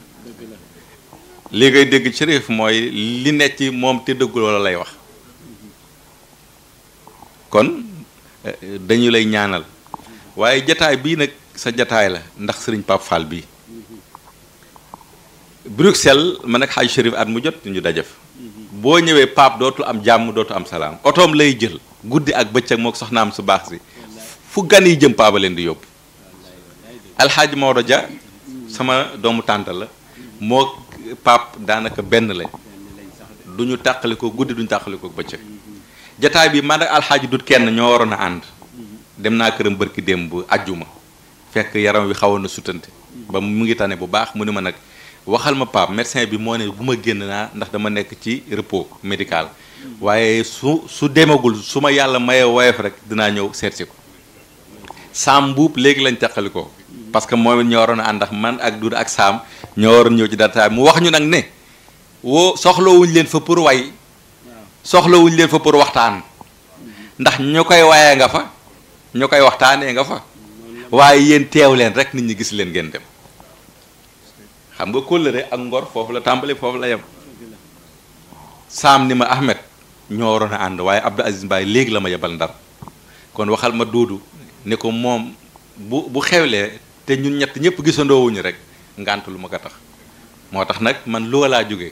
li ngay dégg ci mooy li ne moom te dëggul wala lay wax kon eh, dañu lay ñaanal waaye jataay bii nag sa jataay la ndax sëriñ Pape Fall bii Bruxelles man ak xaaj Chérif at mu jot ñu dajef boo ñëwee Pape dootul am jàmm dootu am salaam otoom lay jël guddi ak bëccëg mook am su baax si fu gan yi jëm Pape a leen di yóbbu alxaaji Maodo ja sama doomu tànta la moo Pape daanaka benn lañ duñu ñu ko guddi duñu ñu ko bëccëg jataay bi man ak alxaaji dut kenn ñoo waroon a ànd dem naa këram bërki démb ajjuma fekk yaram wi xawoon na sutante ba mu ngi tane bu baax mu ne ma nag waxal ma Pape médecin bi moo ne bu ma génn naa ndax dama nekk ci repos médical waaye su su demagul su ma yàlla maye woyof rek dinaa ñëw seetsi ko saam mbuub léegi lañ tàqali ko parce que moom ñoo waroon a ànd ak man ak Duda ak Saam ñoo waroon ñëw ci dataay mu wax ñu nag ne woo soxlawuñ leen fa pour way soxlawuñ leen fa pour waxtaan ndax ñu koy wayee nga fa ñu koy waxtaanee nga fa waaye yéen teew leen rek nit ñi gis leen ngeen dem xam nga kóllëre ak ngor foofu la tàmbali foofu la yem saam ni ma Ahmed ñoo waroon a ànd waaye Abdou Aziz Mbaye léegi la ma yebal ndar kon waxal ma Duudu ne ko moom bu bu xewlee te ñun ñett ñëpp gisandoowuñu rek ngànt lu ma ko tax moo tax nag man lu laa jóge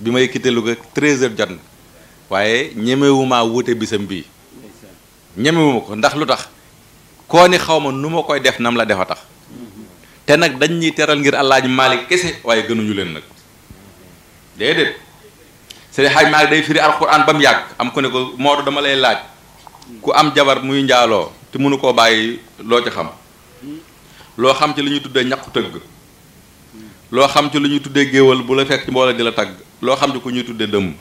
bi may quitté Louga 13h jot na waaye ñemewumaa wuute bisam bii ñemewuma ko ndax lu tax koo ni xaw ma nu ma koy def nam la defa tax te nag dañ ñuy teral ngir Alaaji maale kese waaye gënuñu leen nag déedéet Sëriñ Xaaj Maalik day firi alxuraan ba mu yàgg am ku ne ko Maodo dama lay laaj ku am jabar muy njaaloo te mënu koo bàyyi loo ci xam loo xam ci li ñuy tuddee ñaqu tëgg loo xam ci lu ñuy tuddee géwal bu la fekk ci mboole di la tagg loo xam ci ku ñuy tuddee dëmm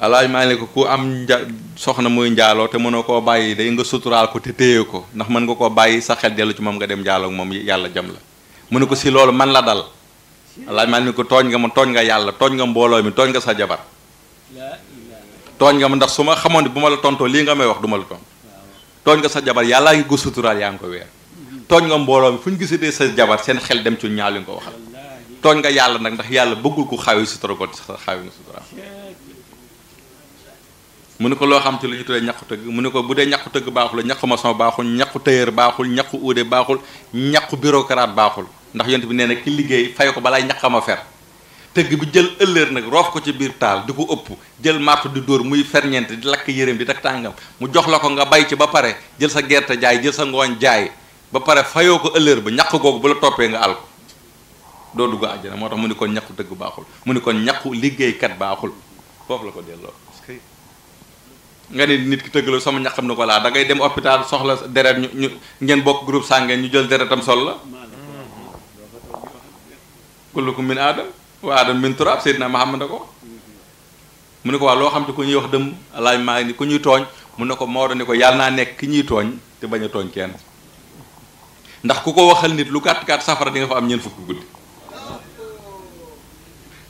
alaaj maa ne ko ku am nja soxna muy njaaloo te mën mënoo koo bàyyi day nga suturaal ko te téye ko ndax mën nga koo bàyyi sa xel dellu ci moom nga dem njaaloo ak moom yàlla jam la mu ne ko si loolu man la dal alaaj maa ni ko tooñ nga ma tooñ nga yàlla tooñ nga mbooloo mi tooñ nga sa jabar tooñ nga ma ndax su ma xamoon ne bu ma la tontoo lii nga may wax du ma tooñ nga sa jabar yàllaa ngi ko suturaal yaa ngi ko weer tooñ nga mbooloo mi fu ñu gisatee sa jabar seen xel dem ci ñaaw li nga ko waxal tooñ nga yàlla nag ndax yàlla bëggul ku xawi sutura ko xawi nga suturaal mu ne ko loo xam ci lu ñu tuddee ñaqu tëgg mu ne ko bu dee ñaqu tëgg baaxul ñaqu maçon baaxul ñaqu tailleur baaxul ñaqu uude baaxul ñaqu karaat baaxul ndax yonent bi nee na ki liggéey fay ko balaa a fer tëgg bi jël ëllër nag roof ko ci biir taal di ko ëpp jël martu di dóor muy ferñeent di lakk yërëm di tak tàngam mu jox la ko nga bay ci ba pare jël sa gerte jaay jël sa ngooñ jaay ba pare fayoo ko ëllër ba ñakk googu bu la toppee nga àl ko doo dugg àjjana moo tax mu ni kon ñàqu dëgg baaxul mu ni kon ñàqu liggéeykat baaxul foofu la ko delloo nga ne nit ki tëggaloo sama ñaqam na ko laa da ngay dem hôpital soxla deret ñu ñu ngeen bokk groupe sàngee ñu jël deretam sol la kullukum min waa adam min turab seydina Muhammad na ko mu ne ko waa loo xam te ku ñuy wax dëmm laaj maa ni ku ñuy tooñ mun ne ko Maodo ni ko yàlla naa nekk ki ñuy tooñ te bañ a tooñ kenn ndax ku ko waxal nit lu gàtt gàtt safara di fa am ñeent fukki guddi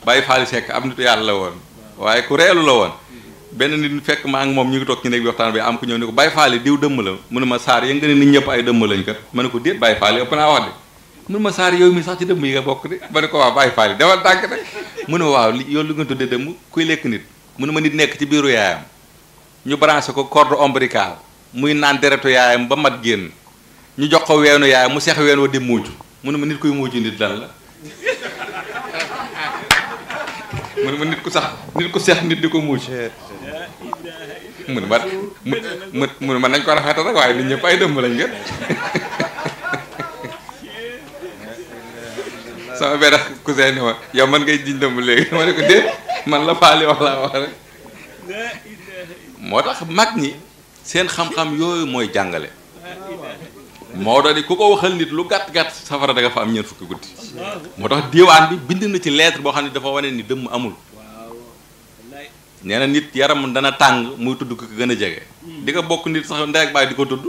bàyyi faali sekk am nitu yàlla la woon waaye ku reelu la woon benn nit fekk ma ak moom ñu ngi toog ci néeg bi waxtaan bi am ku ñëw ni ko bàyyi faali diw dëmm la mu saar yëngu nit ñëpp ay dëmm lañ kat ma ne ko déet bàyyi faali ëpp naa wax de mun ma saar yow mi sax ci dëmm yi nga bokk de ma ko waa bàyyi faali demal tànk de mu waaw yow lu nga tudde dëmm kuy lekk nit mu ne ma nit nekk ci biiru yaayam ñu branché ko corde ombilical muy naan deretu yaayam ba mat génn ñu jox ko weenu yaayam mu seex ween wa di muucu mu ma nit kuy muucu nit lan la mu ma nit ku sax nit ku seex nit di ko muucu mu ne ma mu nañ ko rafetal rek waaye nit ñëpp ay dëmm lañ gën sama benn cousin ni ma yow man ngay jiñ dëmb léegi man la faali wax laa wax moo tax mag ñi seen xam-xam yooyu mooy jàngale moo doon ni ku ko waxal nit lu gàtt gàtt safara da am fukki guddi tax diwaan bi bind na ci leetre boo xam ne dafa wane ni dëmm amul nee na nit yaram dana tàng muy tudd ko gën a jege di nga bokk nit sax ndey ak baay di ko tudd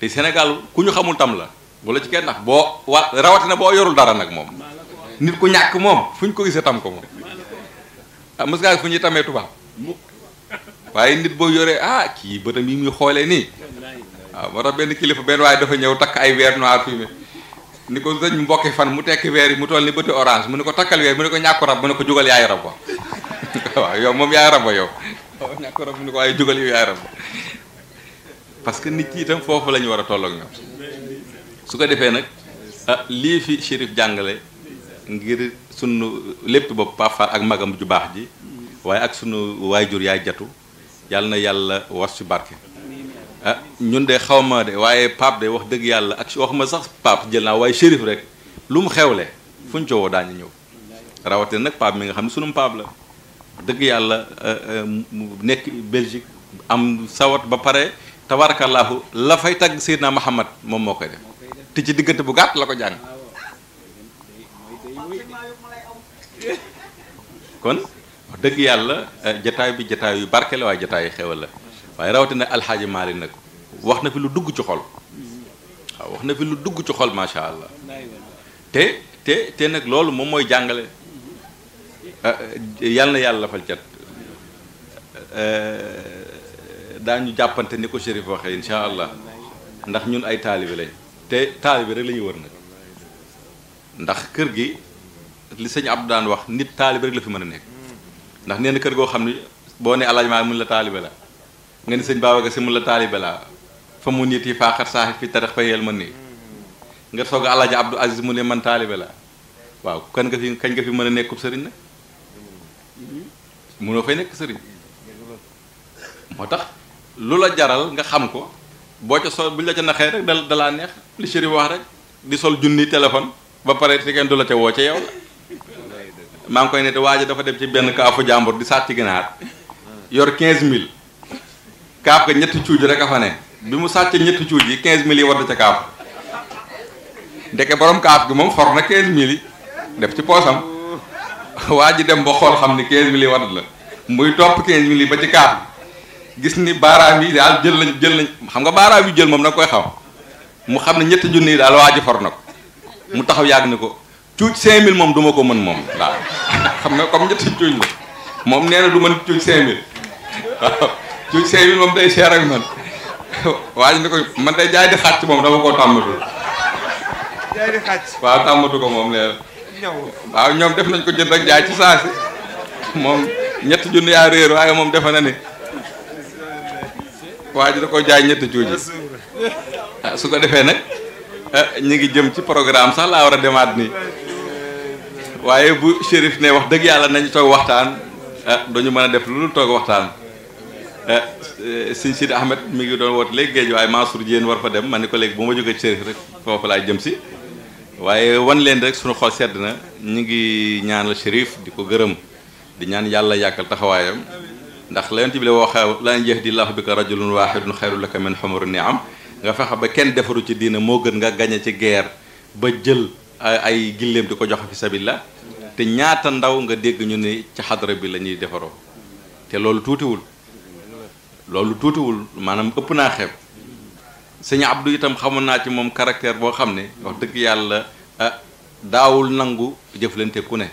te Sénégal ku ñu xamul tam la bu la ci kenn nax boo wa rawatina boo yorul dara nag moom nit ku ñàkk moom fu ñu ko gisee tam ko moom ah mos fu ñuy tamee tubaab waaye nit boo yoree ah kii bëtam mii muy xoolee nii waaw ah, moo tax benn kilifa benn waaye dafa ñëw takk ay weer noir fumé ni ko sëñ mbokki fan mu tekki weer yi mu toll ni bëti orange mu ne ko takkal weer mu ne ko ñàkku rab mu ne ko jugal yaay rab wa yow moom yaay rab wa yow ñàkk rab mu ne ko waaye jugal yow yaay que nit ñi itam foofu la war a toll su ko defee nag ah lii fi shérif jàngale ngir sunu lépp bopp paafaar ak magam ju baax ji waaye ak sunu jur yaay jatu yàlla na yàlla was ci barke ah ñun de xaw ma de waaye paap de wax dëgg yàlla ak wax ma sax paap jël naa waaye shérif rek lu mu xewle fuñ ñu coowoo daañu ñëw rawatina nag paap mi nga xam ne sunu paap la dëgg yàlla eh, eh, nekk Belgique am sawat ba pare tabarakallaahu la fay tagg Seydina Muhammad moom moo koy def te ci diggante bu gàtt la ko jàng kon dëgg yàlla eh, jataay bi jataay yu barke la waaye jataay yu xewal la waaye rawatina alxaaji Maalik nag wax na fi lu dugg ci xol waaw wax na fi lu dugg ci xol macha allah te te te nag loolu moom mooy jàngale eh, eh, yàlla na yàlla fal cat daañu jàppante ni ko Chérif waxee incha allah ndax ñun ay taalibi lañ te taalibe rek lañuy ñuy wër nag ndax kër gi li sëñ Abdou daan wax nit taalibe rek la fi mën a nekk ndax nee na kër goo xam ne boo ne alaaj maa mun la taalibe la nga ni sëñ Babacar si mun la taalibe la fa mu nit yi faaxat saaxi fi tarax fa yeel mën ni nga soog a alaaj Abdou mu ne man taalibe la waaw kan nga fi kañ nga fi mën a nekkub sëriñ nag mënoo fay nekk sëriñ moo tax lu la jaral nga xam ko boo ca sol bu la ca naxee rek da dalaa neex li chéri wax rek di sol junni téléphone ba pare te kenn du la ca woo ca yow la maa ngi koy ne te dafa dem ci benn kaafu jàmbur di sàcc ginaar yor 15000 kaaf ga ñetti cuuj rek a fa ne bi mu sàcc ñetti cuuj yi 15000 yi wadd ca kaaf ndeke borom kaaf gi moom for na 15000 yi def ci poosam waa ji dem ba xool xam ni 15000 yi wadd la muy topp 15000 yi ba ci kaaf gis ni baaraam yi daal jël nañ jël nañ xam nga baaraam yu jël moom da koy xaw mu xam ne ñetti junni yi daal waa ji for na ko mu taxaw yàgg ni ko cuuj 5000 moom du ko mën moom waaw xam nga comme ñetti moom nee na du mën cuuj 5000 waaw moom day cher ak man waa ji ni ko man day jaay di xàcc moom dama koo tàmmatu jaay di xàcc waaw ñoom def nañ ko jënd rek jaay ci saa si moom ñetti junni yaa réer waaye moom defe na ni waa ji da koy jaay ñetti cuuj ah, su ko defee nag ah, ñi ngi jëm ci programme sax laa war a demaat nii waaye bu shérif ne wax dëgg yàlla nañu toog waxtaan ah, dañu mën a def lu dul toog waxtaan eh, sëñ Sidi Ahmed mi ngi doon woote léegi géej waaye Mansour Diène war fa dem ma ne ko léegi bu ma jógee shérif rek foofu laay jëm si waaye wan leen rek suñu xol sedd na ñu ngi ñaanal shérif di ko gërëm di ñaan yàlla yàkkal taxawaayam ndax la yonent bi la waxee laa yahdillaahu bika rajulun waahidun xayrun laka min humuri ni'am nga fexe ba kenn defaru ci diina moo gën nga gañe ci guerre ba jël ay gilleem di ko joxe fi sabilillah te ñaata ndaw nga dégg ñu ne ci xadra bi la ñuy defaroo te loolu tuutiwul loolu tuutiwul maanaam ëpp naa xeeb sëñ Abdou itam xamoon naa ci moom caractère boo xam ne dëgg yàlla ah, daawul nangu jëflante ku ne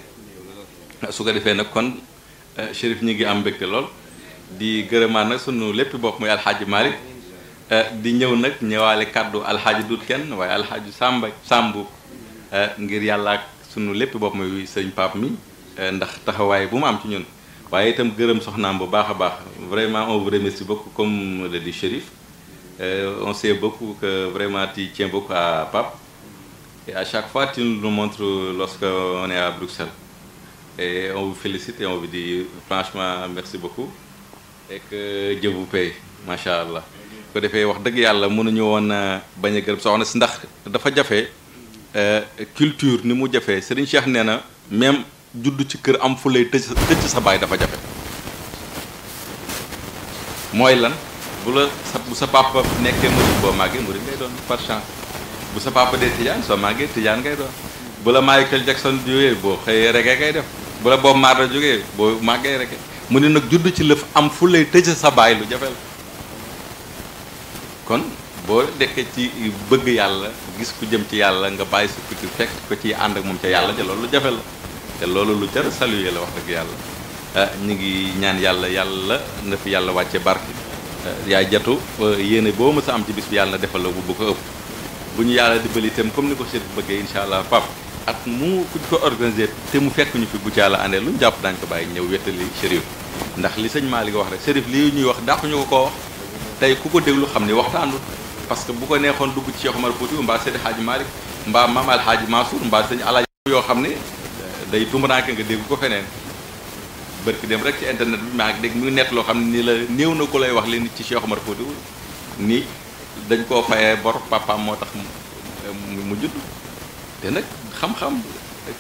su ko defee nag kon ah, Chérif ñi ngi am mbégte lool di gërëmaan nag sunu lépp bopp muy alxaaji Malick eh, di ñëw nag ñëwaale kàddu alxaaji dut kenn waaye alxaaji Samba Sambu eh, ngir yàlla ak sunu lépp bopp muy sëñ Pape mi eh, ndax taxawaay bu mu am ci ñun waaye itam gërëm soxnaam bu baax a baax vraiment on vous remercie comme le dit Chérif on sait beaucoup vraiment ci tiens beaucoup à Pape chaque fois ti nous le montres lorsque on est à Bruxelles et on vous félicite on vous dit franchement merci beaucoup et que euh, Dieu vous macha allah ko defee wax dëgg yàlla mënuñu woon euh, bañ a gërëm soxna si ndax dafa jafe euh, culture ni mu jafee Serigne Cheikh nee na même juddu ci kër am fu lay tëj sa baay dafa jafe mooy lan bu la sa bu sa papa nekkee murid boo màggee murid ngay doon par chance bu sa papa dee tijaan soo màggee tijaan ngay doon bu la Michael Jackson jógee boo xëyee reggae ngay def bu la mar Marley jógee boo màggee reggae mu ne nag judd ci lëf am fu lay tëj sa baay lu jafe la kon boo dekkee ci bëgg yàlla gis ku jëm ci yàlla nga bàyyi sa futur fekk ko ci ànd ak moom ca yàlla te loolu lu jafe la loolu lu jar saluer la wax dëgg yàlla ah, ñu ngi ñaan yàlla yàlla na fi yàlla wàcce barke ah, yaay jatu yéene boo mës a am ci bis bi yàlla na defal la bu ko ëpp bu ñu yàlla dimbali itam comme ni ko seet bëggee incha allah pap at mu ku ko organisé te mu fekk ñu fi bu ci yàlla àndee lu ñu jàpp daañu ko bàyyi ñëw wettali chérif ndax li sëñ Malick wax rek sërif lii ñuy wax dàqu ñu ko koo wax tey ku ko déglu xam ni waxtaanul parce que bu ko neexoon dugg ci Cheikh Omar Foutiyou mbaa Seydi Hadji Malick mbaa Maam Al Hadji mbaa sëñ alaaj yoo xam ne day tumuraanke nga dégg ko feneen bërki dem rek ci internet bi maa ngi mu ngi nekk loo xam ne nii la néew na ku lay wax leen ci Cheikh Omar Foutiyou ni dañ koo fayee bor papaam moo tax mu judd te nag xam-xam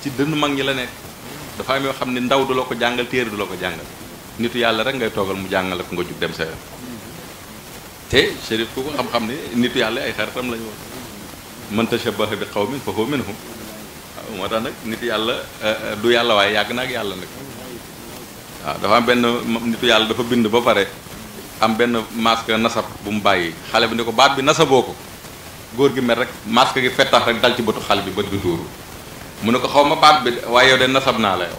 ci dënn mag ñi la nekk dafa am yoo xam ne ndaw du la ko jàngal du la ko jàngal nitu yàlla rek ngay toogal mu jàngale ko nga jub dem sa yoon te Chérif ku ko xam-xam ne nit yàlla ay xaritam lañu woon man tashabbaha bi qawmin fa huwa minhum waaw moo tax nag nitu yàlla eh, eh, du yàlla waaye yàgg na ak yàlla nag waaw dafa am benn nitu yàlla dafa bind ba pare am benn masque nasab bu mu bàyyi xale bi ne ko baat bi nasaboo ko góor gi mel rek masque gi fettax rek dal ci bëtu xale bi bët bi tuuru mu ne ko xaw ma baat bi waaye yow de nasab naa la yow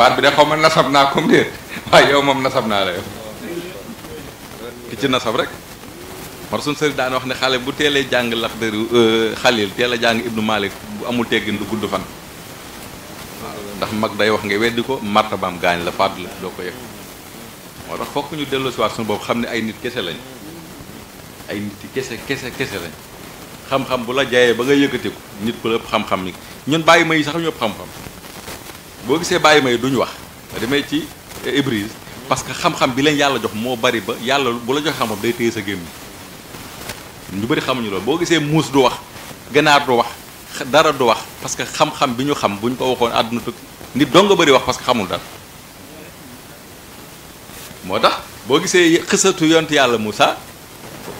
baat bi de xaw ma nasab naa comme déet waaye yow moom nasab naa la yow ki ci nasab rek mar suñ sëriñ daan wax ne xale bu teelee jàng lax dëru euh, xalil teel a jàng ibnu malik bu amul teggin du gudd fan ndax mag day wax nga weddi ko martabaam gaañ la fàddu la doo ko yëg moo tax fokk ñu delloo si waat suñu bopp xam ne ay nit kese lañ ay nit kese kese kese lañ xam-xam bu la jaayee ba nga yëkkatiku nit ku la ëpp xam-xam ni ñun bàyyi ma yi sax ñu ëpp boo gisee bàyyi may duñ wax demee ci Ibris eh, parce que xam-xam bi leen yàlla jox moo bari ba yàlla bu la joxe xam-xam day téye sa gémmiñ ñu bëri xamuñu loolu boo gisee muus du wax ganaar du wax dara du wax parce que xam-xam bi ñu xam buñ ko waxoon àdduna tukki nit dong nga bëri wax parce que xamul dara moo tax boo gisee xisatu yont yàlla Moussa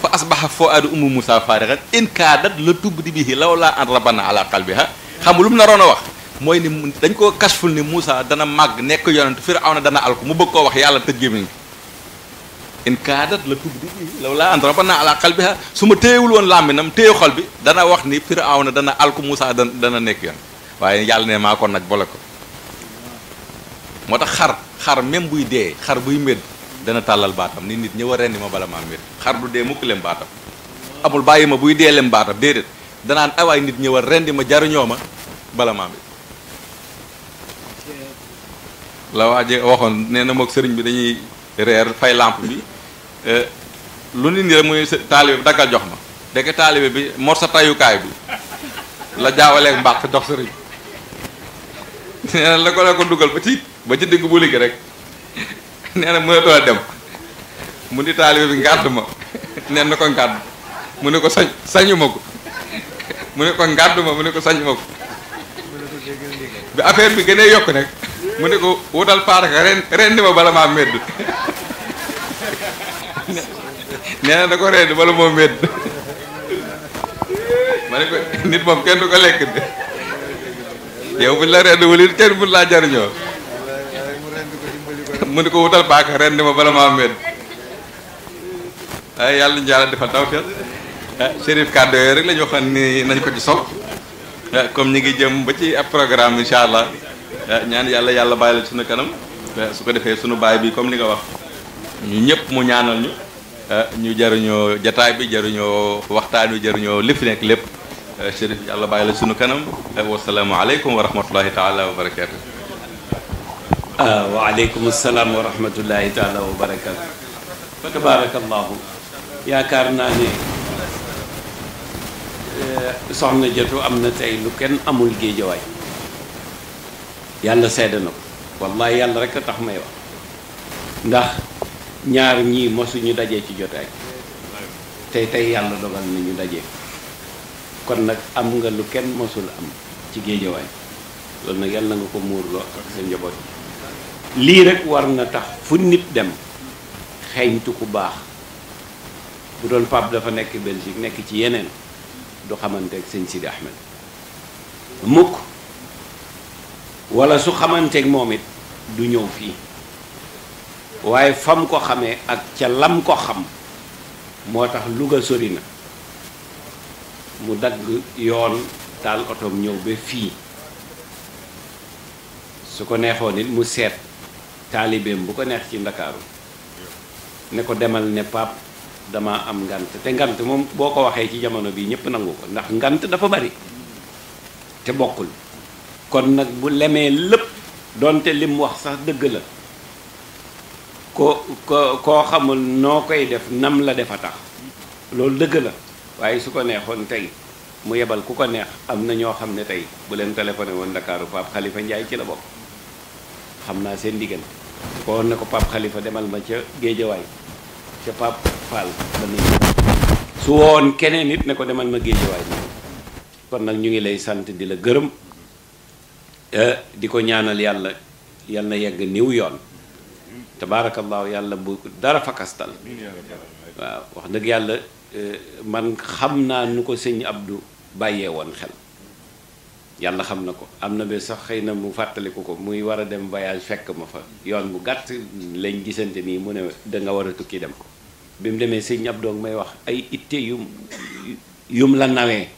fa asbaha foo aadu umu Moussa faarixat in kaadat la di tubdi bihi law laa an rabana ala qalbiha xamul lu mu naroon a wax mooy ni dañ koo kasful ni Moussa dana màgg nekk yonent Firawna dana alku mu bëgg koo wax yàlla tëj gémmiñ in kaadat la tub di law laa andrabanaa ala qalbiha su ma téyewul woon làmbinam téye xol bi dana wax ni Firawna dana alku Moussa dana dana nekk yoon waaye yàlla ne maa ko nag boole ko moo tax xar xar même buy dee xar buy médd dana tàllal baatam ni nit ñëw a rendi ma bala maa médd xar du dee mukk lem baatam amul bàyyi ma buy dee lem baatam déedéet nit ñëw a rendi ma jaruñoo ma bala la waaje waxoon nee na moog sëriñ bi dañuy reer fay làmp bi e, lu nit ñi rek muy taalibe bi daggal jox ma deke taalibe bi mor sa tayukaay bi la jaawaleeg mbàq jox sëriñ nee na la ko la ko dugal ba ci ba ci digg bu ligi rek nee na mënatoo a dem mu ni taalibe bi ngàdd ma nee na ko ngàdd mu ne ko sañ sañu ma ko mu ne ko ngàdd ma mu ne ko sañu ma ko bi affaire bi gën a yokk nag mu ne ko wutal paaraka ren ren di ma bala maa medd nee na da ko rend bala moo medd ma ne ko nit moom kenn du ko lekk de yow buñ la rend wala kenn buñ laa jariñoo mu ne ko wutal paaka ren di ma bala maa medd waaye yàlla ñu yàlla defal tawfeex ah Chérif rek la ñu ni nañ ko ci sopp Eh, comme ñu ngi jëm ba ci ab programme incha allah eh, ñaan yàlla yàlla bàyyi la suñu kanam eh, su ko defee suñu baay bi comme li nga wax ñu ñëpp mu ñaanal ñu ñu jëriñoo jataay bi jëriñoo waxtaan wi jëriñoo li fi nekk lépp chérif yàlla bàyyi la suñu kanam wasalaamualeykum wa rahmatullahi taala wa barakaatu ah, waaleykum salaam wa rahmatullahi taala wa barakaatu fa tabaarakallahu yaakaar Eh, soxna jotu am na tey lu kenn amul géejawaay yàlla sedd na ko wallaay yàlla rek a tax may wax ndax ñaar ñii mosuñu dajee ci jotaay tey tey yàlla dogal na ñu dajee kon nag am nga lu kenn mosul am ci géejawaay loolu nag yàlla nga ko muurloo ak sa njaboot yi lii rek war na tax fu nit dem xeeñtu ku baax bu doon Pape dafa nekk Belgique nekk ci yeneen du xamante ak sëñ Sidi Ahmed mukk wala su xamanteeg moom it du ñëw fii waaye fam ko xamee ak ca lam ko xam moo tax Louga sori na mu dagg yoon taal otoom ñëw ba fii su ko neexoon it mu seet taalibeem bu ko neex ci Ndakaaru ne ko demal ne Pape damaa am ngant te ngant moom boo ko waxee ci jamono bii ñëpp nangu ko ndax ngant dafa bari te bokkul kon nag bu lemee lépp donte lim wax sax dëgg la ko ko koo xamul noo koy def nam la defa tax loolu dëgg la waaye su ko neexoon tey mu yebal ku ko neex am na ñoo xam ne tey bu leen téléphoné woon Ndakaaru Pape xalifa njaay ci la bokk xam naa seen diggante ko woon ne ko Pape xalifa demal ma ca Géejawaay ca Pape ba nii su woon keneen it ne ko demal ma géejewaay bi kon nag ñu ngi lay sant di la gërëm eh, di ko ñaanal yàlla yàlla na yegg niw yoon tabaarakallaahu yàlla bu dara fakastal waaw wax dëgg yàlla eh, man xam naa nu ko sëñ du bàyyee woon xel yàlla xam na ko am na ba sax xëy na mu fàttaliku ko muy war a dem voyage fekk ma fa yoon bu gàtt lañ gisante nii mu ne danga war a tukki dem ko bi mu demee sëñ Abdou may wax ay itte yum yum la nawee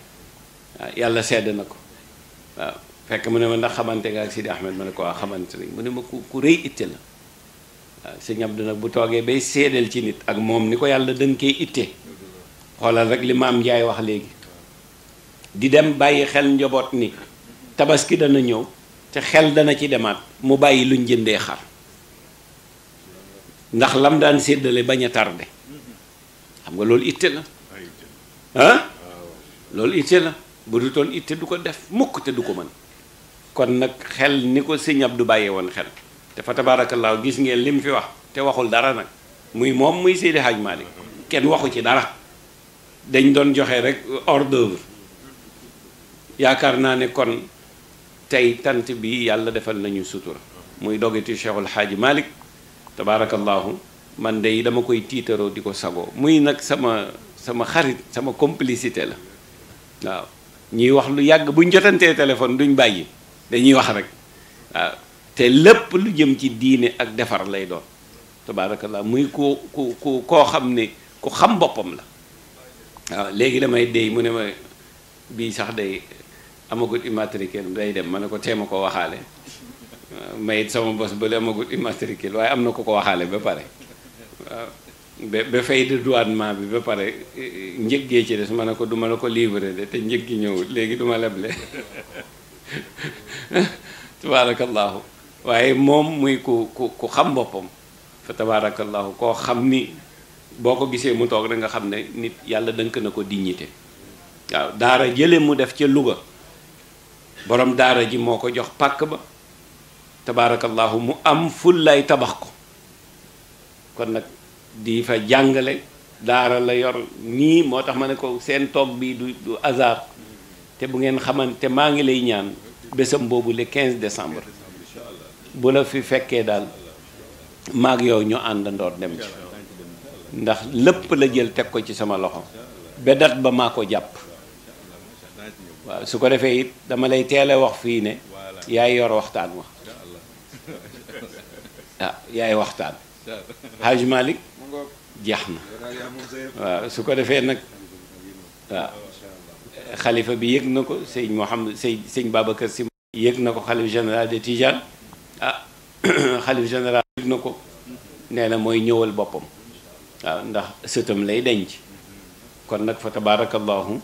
ah, yàlla sedd na ko waaw fekk mu ne ma ndax xamante nga ak Sidi Ahmed ma ne ko waa ah, xamante nañ mu ne ma ku ku rëy itte la ah, sëñ Abdou nag bu toogee bay seedeel ci nit ak moom ni ko yàlla dañ koy itte xoolal rek li maam Njaay wax léegi di dem bàyyi xel njaboot ni tabaski dana ñëw te xel dana ci demaat mu bàyyi luñ jëndee xar ndax lam daan séddale bañ a tardé xam nga loolu itte la ah loolu itte la bu du toon itte du ko def mukk te du ko mën kon nag xel ni ko sëñ Abdou bàyyee woon xel te fa tabaarakallaahu gis ngeen lim fi wax te waxul dara nag muy moom muy Seydi Hadj Malick kenn waxu ci dara dañ doon joxe rek hors d'œuvre yaakaar naa ne kon tey tant bi yàlla defal nañu sutura muy dogiti cheikhul xaaji malik tabaarakallaahu man de dama koy tiitaroo di ko sagoo muy nag sama sama xarit sama complicité la waaw ñuy wax lu yàgg buñ jotantee téléphone duñ bàyyi dañuy wax rek waaw te lépp lu jëm ci diine ak defar lay doon tabaarakallaahu muy ku ku ku koo xam ne ku xam boppam la waaw léegi damay dey mu ne ma bii sax day amagul immatricule day dem ma ne ko teema ko waxaale mayit sama bos ba bële amagul immatricule waaye am na ko ko waxaale ba pare waaw ba ba fay de douanement bi ba pare njëg gee ci des ma ne ko duma ma la ko livrer de te njëg gi ñëwul léegi du ma leble tabaarakallaahu waaye moom muy ku ku ku xam boppam fa tabaarakallaahu koo xam ni boo ko gisee mu toog rek nga xam ne nit yàlla dënk na ko dignité waaw daara jële mu def ca Louga borom daara ji moo ko jox pàkk ba tabaarakallahu mu am fullay tabax ko kon nag di fa jàngale daara la yor nii moo tax ma ne ko seen toog bii du du hasard te bu ngeen xamante maa ngi lay ñaan bésam boobu le 15 décembre bu la fi fekkee daal maag yow ñu àndandoor dem ci ndax lépp la jël teg ko ci sama loxo ba ba maa ko jàpp waaw su ko defee it dama lay teel a wax fii ne yaay yor waxtaan wa ah, yaay waxtaan Haj Malick jeex na su ko defee nag xalifa bi yëg na ko sëñ Mouhamed sëñ sëñ Babacar Si yëg na ko xalif général de Tijane ah, xalif général yëg na ko nee na mooy ñëwal boppam waaw ndax sëtam lay ci mm-hmm. kon nag fa tabaarakallahu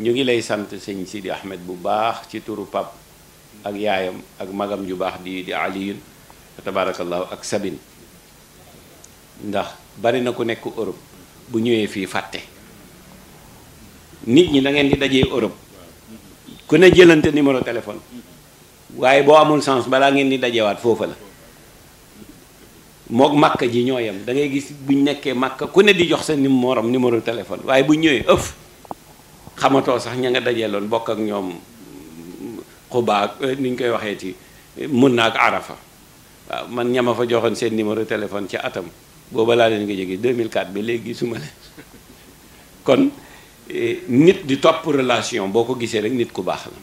ñu ngi lay sant sëñ di Ahmed bu baax ci turu pap ak yaayam ak magam ju baax di di aliyun tabaarakallaahu ak sabin ndax bari na ku nekk Europe bu ñëwee fii fàtte nit ñi da ngeen di dajee Europe ku ne jëlante numéro téléphone waaye boo amul sens balaa ngeen di dajewaat foofa la mook màkk ji ñooyam da ngay gis buñ nekkee màkk ku ne di jox sa morom numéro téléphone waaye bu ñëwee ëf xamatoo sax ña nga dajee loolu bokk ak ñoom xubaa eh, ni ñu koy waxee ci eh, mën naa ak arafa waaw man ñama fa joxoon seen numéro téléphone ci atam booba laa leen nga jógee 2004 ba léegi su ma leen kon eh, nit di topp relation boo ko gisee rek nit ku baax la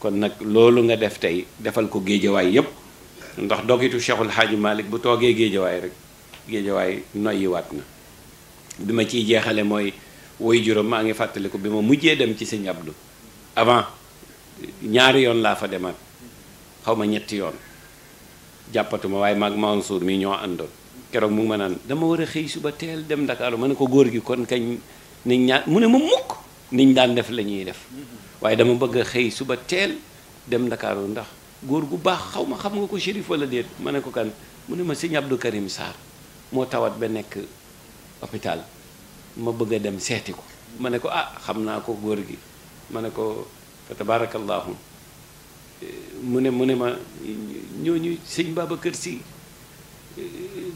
kon nag loolu nga def tey defal ko géejawaay yépp ndax dogitu Cheikhul Hadji Malick bu toogee géejawaay rek géejawaay noyyiwaat na bi ma ciy jeexale mooy woy juróom maa ngi fàttaliku bi ma mujjee dem ci sëñ Abdou avant ñaari yoon laa fa demaat xaw ma ñetti yoon jàppatuma waaye maag Mansour mi ñoo àndoon keroog mu ngi ma naan dama war a xëy suba teel dem Ndakaaru ma ne ko góor gi kon kañ niñ mu ne ma mukk daan def la ñuy def waaye dama bëgg a xëy suba teel dem Ndakaaru ndax góor gu baax xaw ma xam nga ko shérif wala déet ma ne ko kan mu ne ma sëñ Abdou Karim Sarr moo tawat ba nekk hôpital ma bëgg a dem seeti ko ma ne ko ah xam naa ko góor gi ma ne ko fa tabaarakallaahu mu ne mu ne ma ñooñu sëñ kër Si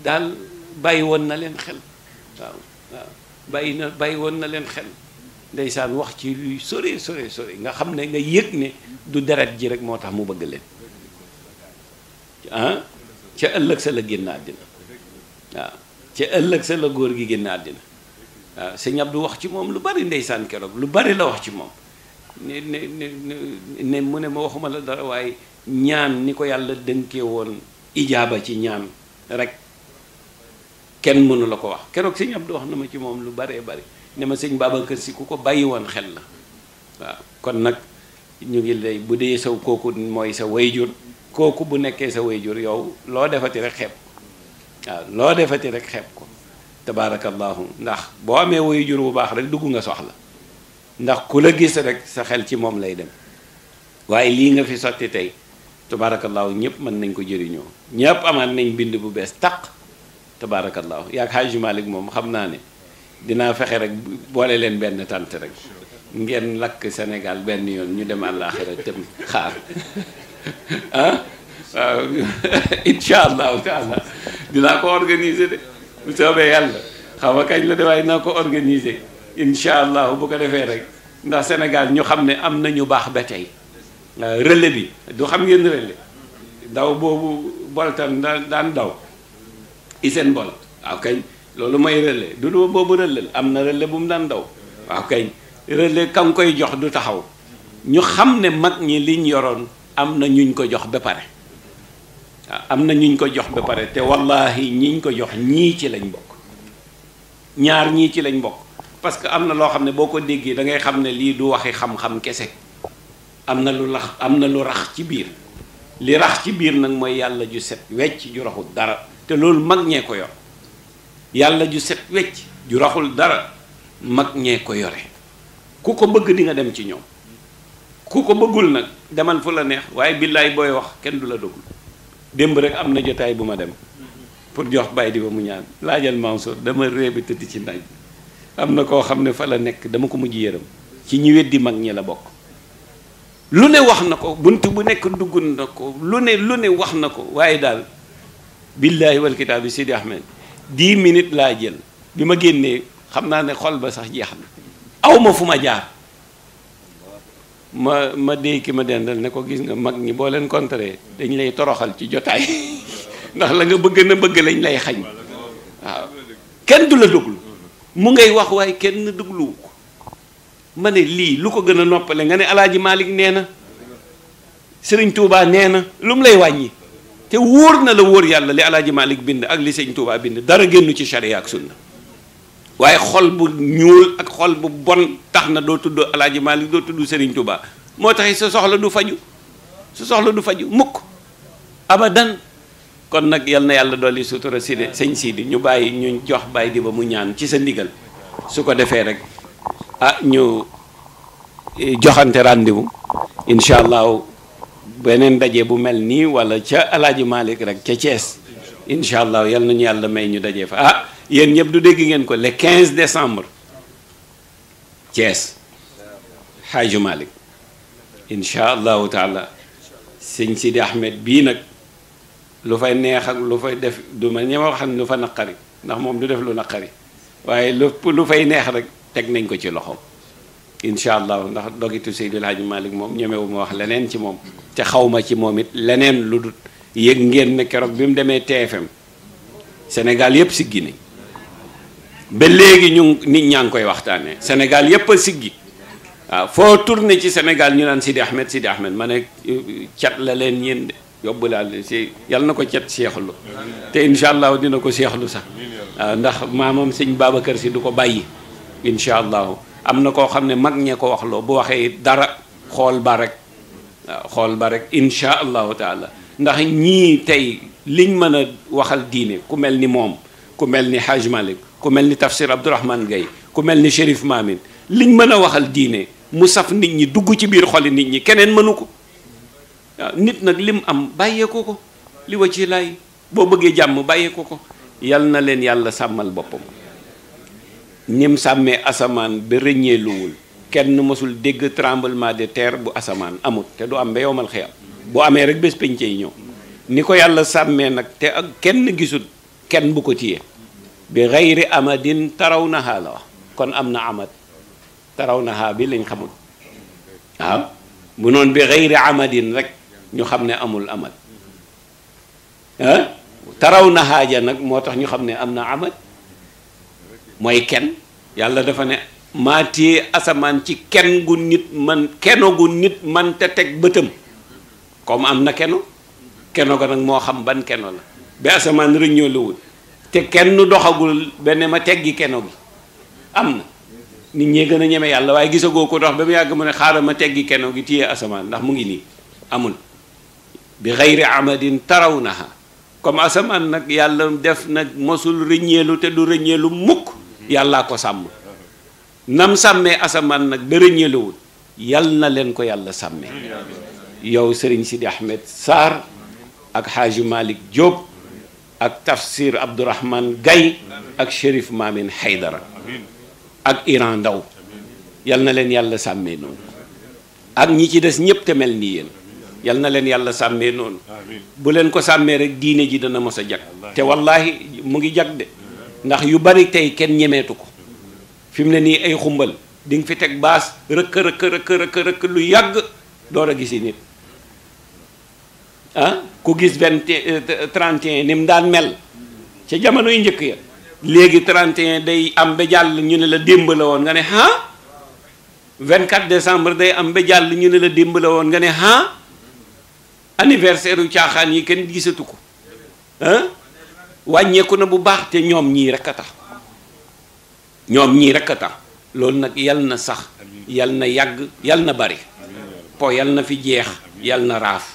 daal bàyyi woon na leen xel waaw na bàyyi woon na leen xel ndeysaan wax ci luy sore sore sore nga xam ne nga yëg ne du deret ji rek moo tax mu bëgg leen ah? ca ëllëg sa la génn àddina waaw ca ëllëg sa la góor gi génn àddina waaw euh, sëñ Abdou wax ci moom lu bari ndeysaan keroog lu bari la wax ci moom ne ne ne mu ne ma waxuma la dara waaye ñaan ni ko yàlla dënkee woon ijaaba ci ñaan rek kenn mënula ko wax keroog sëñ Abdou wax na ma ci moom lu baree bari ne ma sëñ Babacar si ku ko bàyyi woon xel la waaw kon nag ñu ngi lay bu dee saw kooku mooy sa wayjur kooku bu nekkee sa wayjur yow loo defati rek xeeb ko waaw loo defati rek xeeb ko tabaarakallaahu ndax boo amee woyu jur bu baax rek dugg nga soxla ndax ku la gis rekk sa xel ci moom lay dem waaye lii nga fi sotti tey tabaarakallaahu ñëpp mën nañ ko jëriñoo ñëpp amaat nañ bind bu bees taq tabaarakallaahu yaag Haaji Malick moom xam naa ni dinaa fexe rek boole leen benn tànt rek ngeen lakk Sénégal benn yoon ñu dem àllaaxira tam xaar ah waaw dinaa ko organiser de bu soobee yàlla xaw ma kañ la de naa ko organiser incha allah bu ko defee rek ndax Sénégal ñu xam ne am na ñu baax ba tey euh, relais bi du xam ngeen relais daw boobu boltan daan daw Usain Bolt waaw kañ loolu mooy relais du boobu relais am na relais bu mu daan daw waaw kañ relais ka koy jox du taxaw ñu xam ne mag ñi liñ yoroon am na ñuñ ko jox ba pare am na ñuñ ko jox ba pare te wallahi ñiñ ko jox ñii ci lañ bokk ñaar ñii ci lañ bokk parce que am na loo xam ne boo ko déggee dangay xam ne lii du waxi xam-xam kese am na lu rax am na lu rax ci biir li rax ci biir nag mooy yàlla ju set wecc ju raxul dara te loolu mag ñee ko yor yàlla ju set wecc ju raxul dara mag ñee ko yore ku ko bëgg di nga dem ci ñoom ku ko bëggul nag demal fu la neex waaye billaay booy wax kenn du la déglu démb rek am na jotaay bu ma dem pour jox bàyyi di ba mu ñaan laajal Mansour dama bi tëdd ci naaj am na koo xam ne fa la nekk dama ko mujj yërëm ci ñi weddi mag ñi la bokk lu ne wax na ko bunt bu nekk dugg na ko lu ne lu ne wax na ko waaye daal billaahi wal kitaabi Sidi Ahmed dix minutes laa jël bi ma génnee xam naa ne xol ba sax jeex na awma fu ma jaar ma ma déy ki ma dendal ne ko gis nga mag ñi boo leen contré dañ lay toroxal ci jotaay ndax la nga bëgg na bëgg lañ lay xañ waaw kenn du la déglu mu ngay wax waaye kenn dégluwu ko ma ne lii lu ko gën a noppale nga ne alaaji Malick nee na sëriñ tuubaa nee na lu mu lay wàññi te wóor na la wóor yàlla li alaaji Malick bind ak li sëriñ Touba bind dara génnu ci charia ak sunna waaye xol bu ñuul ak xol bu bon tax na doo tudd alaaji Maalik doo tudd Serigne Touba moo tax sa soxla du faju su soxla du faju mukk abadan kon nag yal na yàlla dolli sutura Sidi sëñ Sidi ñu bàyyi ñu jox bàyyi di ba mu ñaan ci sa ndigal su ko defee rek ah ñu eh, joxante rendez-vous incha allah beneen daje bu mel nii wala ca alaaji Maalik rek ca Thiès incha allah yal nañu yàlla may ñu dajee fa ah yéen ñëpp du dégg ngeen ko le 15 décembre Thiès Xaaju Malik incha allahu taala sëñ Sidi Ahmed bii nag lu fay neex ak lu fay def du ma ñema wax lu fa naqari ndax moom du def lu naqari waaye lu lu fay neex rek teg nañ ko ci loxo incha allahu ndax dogitu Seydil Hadji Malick moom ñemewu ma wax leneen ci moom te ma ci moom it leneen lu dul yëg ngeen ne keroog bi mu demee TFM Sénégal yëpp siggi nañ ba léegi ñu nit ñaa ngi koy waxtaanee Sénégal yépp a siggi waaw foo tourné ci Sénégal ñu naan Sidi Ahmed Sidi Ahmed ma ne euh, cat la leen yéen de yóbbu laa leen si yàlla na ko cat seexlu te incha allah dina ko seexlu sax ndax maamam sëñ kër si du ko bàyyi incha allah am na koo xam ne mag ñee ko wax loo bu waxee dara xool ba rek waaw xool ba rek incha allahu taala ndax ñii tey liñ mën a waxal diine ku mel ni moom ku mel ni Hajj Malik ku mel ni tafsir Abdourahmane Gaye ku mel ni Chérif Maamin liñ mën a waxal diine mu saf nit ñi dugg ci biir xoli nit ñi keneen mënu ko waaw ah, nit nag lim am bàyyeeku ko li wa ci lay boo bëggee jàmm bàyyeeku ko yal na leen yàlla sàmmal boppam nim sàmmee asamaan ba rëññeeluwul kenn mësul dégg trambalement de terre bu asamaan amut te du am ba yowmal xiyam boo amee rek bés pénce yi ñëw ni ko yàlla sàmmee nag te ak kenn gisul kenn bu ko téye bi xayri amadin taraw nahaa la wax kon am na amad taraw nahaa bi lañ xamul waaw bu noon bi xayri amadin rek ñu xam ne amul amad ah? taraw nahaa ja nag moo tax ñu xam ne am na amad mooy kenn yàlla dafa ne maa téye asamaan ci kenn gu nit man keno gu nit man te teg bëtam comme am na keno keno ga nag moo xam ban keno la ba asamaan rëññoo la wut te kenn doxagul benn ma teggi keno gi am na nit ñee gën a ñeme yàlla waaye gisagoo ko dox ba mu yàgg mu ne xaaral ma teggi keno gi téye asamaan ndax mu ngi nii amul bi xayri amadin taraw naha comme asamaan nag yàlla def nag mosul rëññeelu te du rëññeelu mukk yàllaa ko sàmm nam sàmmee asamaan nag ba rëññeeluwul yal na leen ko yàlla sàmmee yow sëriñ Sidi Ahmed Sarr ak Hadji malik Diop ak tafsir Abdourahman gay ak Chérif Mamin Haydara ak Iran Ndaw yal na leen yàlla sàmmee noonu ak ñi ci des ñépp te mel ni yéen yal na leen yàlla sàmmee noonu bu leen ko sàmmee rek diine ji dana mos a jag te wallahi mu ngi jag de ndax yu bari tey kenn ñemeetu ko fi mu ne nii ay xumbal di nga fi teg baas rëkk rëkk rëkk rëkk lu yàgg door a gisi nit ah ku gis vingt eh, trente et ni mu daan mel ca jamono yu njëkk ya léegi 31 day am ba jàll ñu ne la démb la woon nga ne ah 24 décembre day am ba jàll ñu ne la démb la woon nga ne ah anniversaire caaxaan yi kenn gisatu ko ah wàññeeku na bu baax te ñoom ñii rek a tax ñoom ñii rek a tax loolu nag yal na sax yal na yàgg yal na bari po yal na fi jeex yal na raaf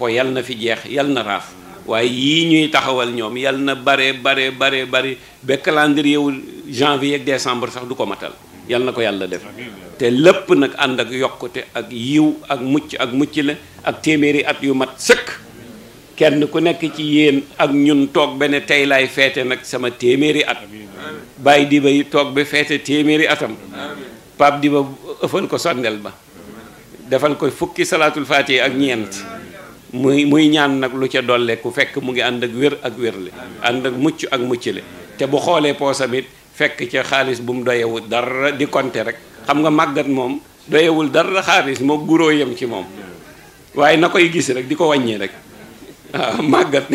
po yal na fi jeex yal na raaf waaye yii ñuy taxawal ñoom yal na bare bare bare bare ba calendrier wu janvier ak sax du ko matal yal na ko yàlla def te lépp nag ànd ak yokkute ak yiw ak mucc ak mucc la ak téeméeri at yu mat sëkk kenn ku nekk ci yéen ak ñun toog ba ne tey laay feete nag sama téeméeri at bàyyi diba yi toog ba feete téeméeri atam pap diba ëffal ko sondel ba defal ko fukki salaatul faatiha ak ñeent muy muy ñaan nag lu ca dolle ku fekk mu ngi ànd ak wér ak wérle ànd ak mucc ak mucc muccle te bu xoolee poosamit fekk ca xaalis bu mu doyewul dara di compter rek xam nga màggat moom doyewul dara xaalis moo guroo yem ci moom waaye na koy gis rek di ko wàññi rek waaw màggat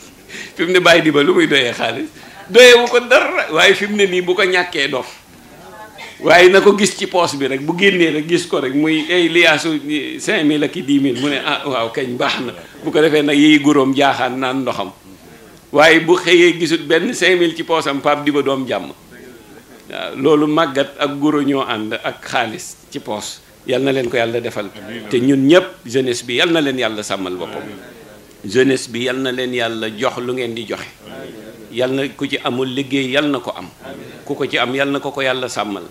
fi mu ne bàyyi di ba lu muy doyee xaalis doyewu ko dara waaye fi mu ne nii bu ko ñàkkee dof waaye na ko gis ci poos bi rek bu génnee rek gis ko rek muy ay liyaasu cinq mille ak i dix mille mu ne ah waaw kañ baax na bu ko defee nag yi guroom jaaxaan naan ndoxam waaye bu xëyee gisut benn cinq mille ci poosam pap di ba doom jàmm waaw loolu màggat ak guro ñoo ànd ak xaalis ci poos yal na leen ko yàlla defal te ñun ñëpp jeunesse bi yal na leen yàlla sàmmal boppam jeunesse bi yal na leen yàlla jox lu ngeen di joxe yal na ku ci amul liggéey yal na ko am ku ko ci am yal na ko ko yàlla sàmmal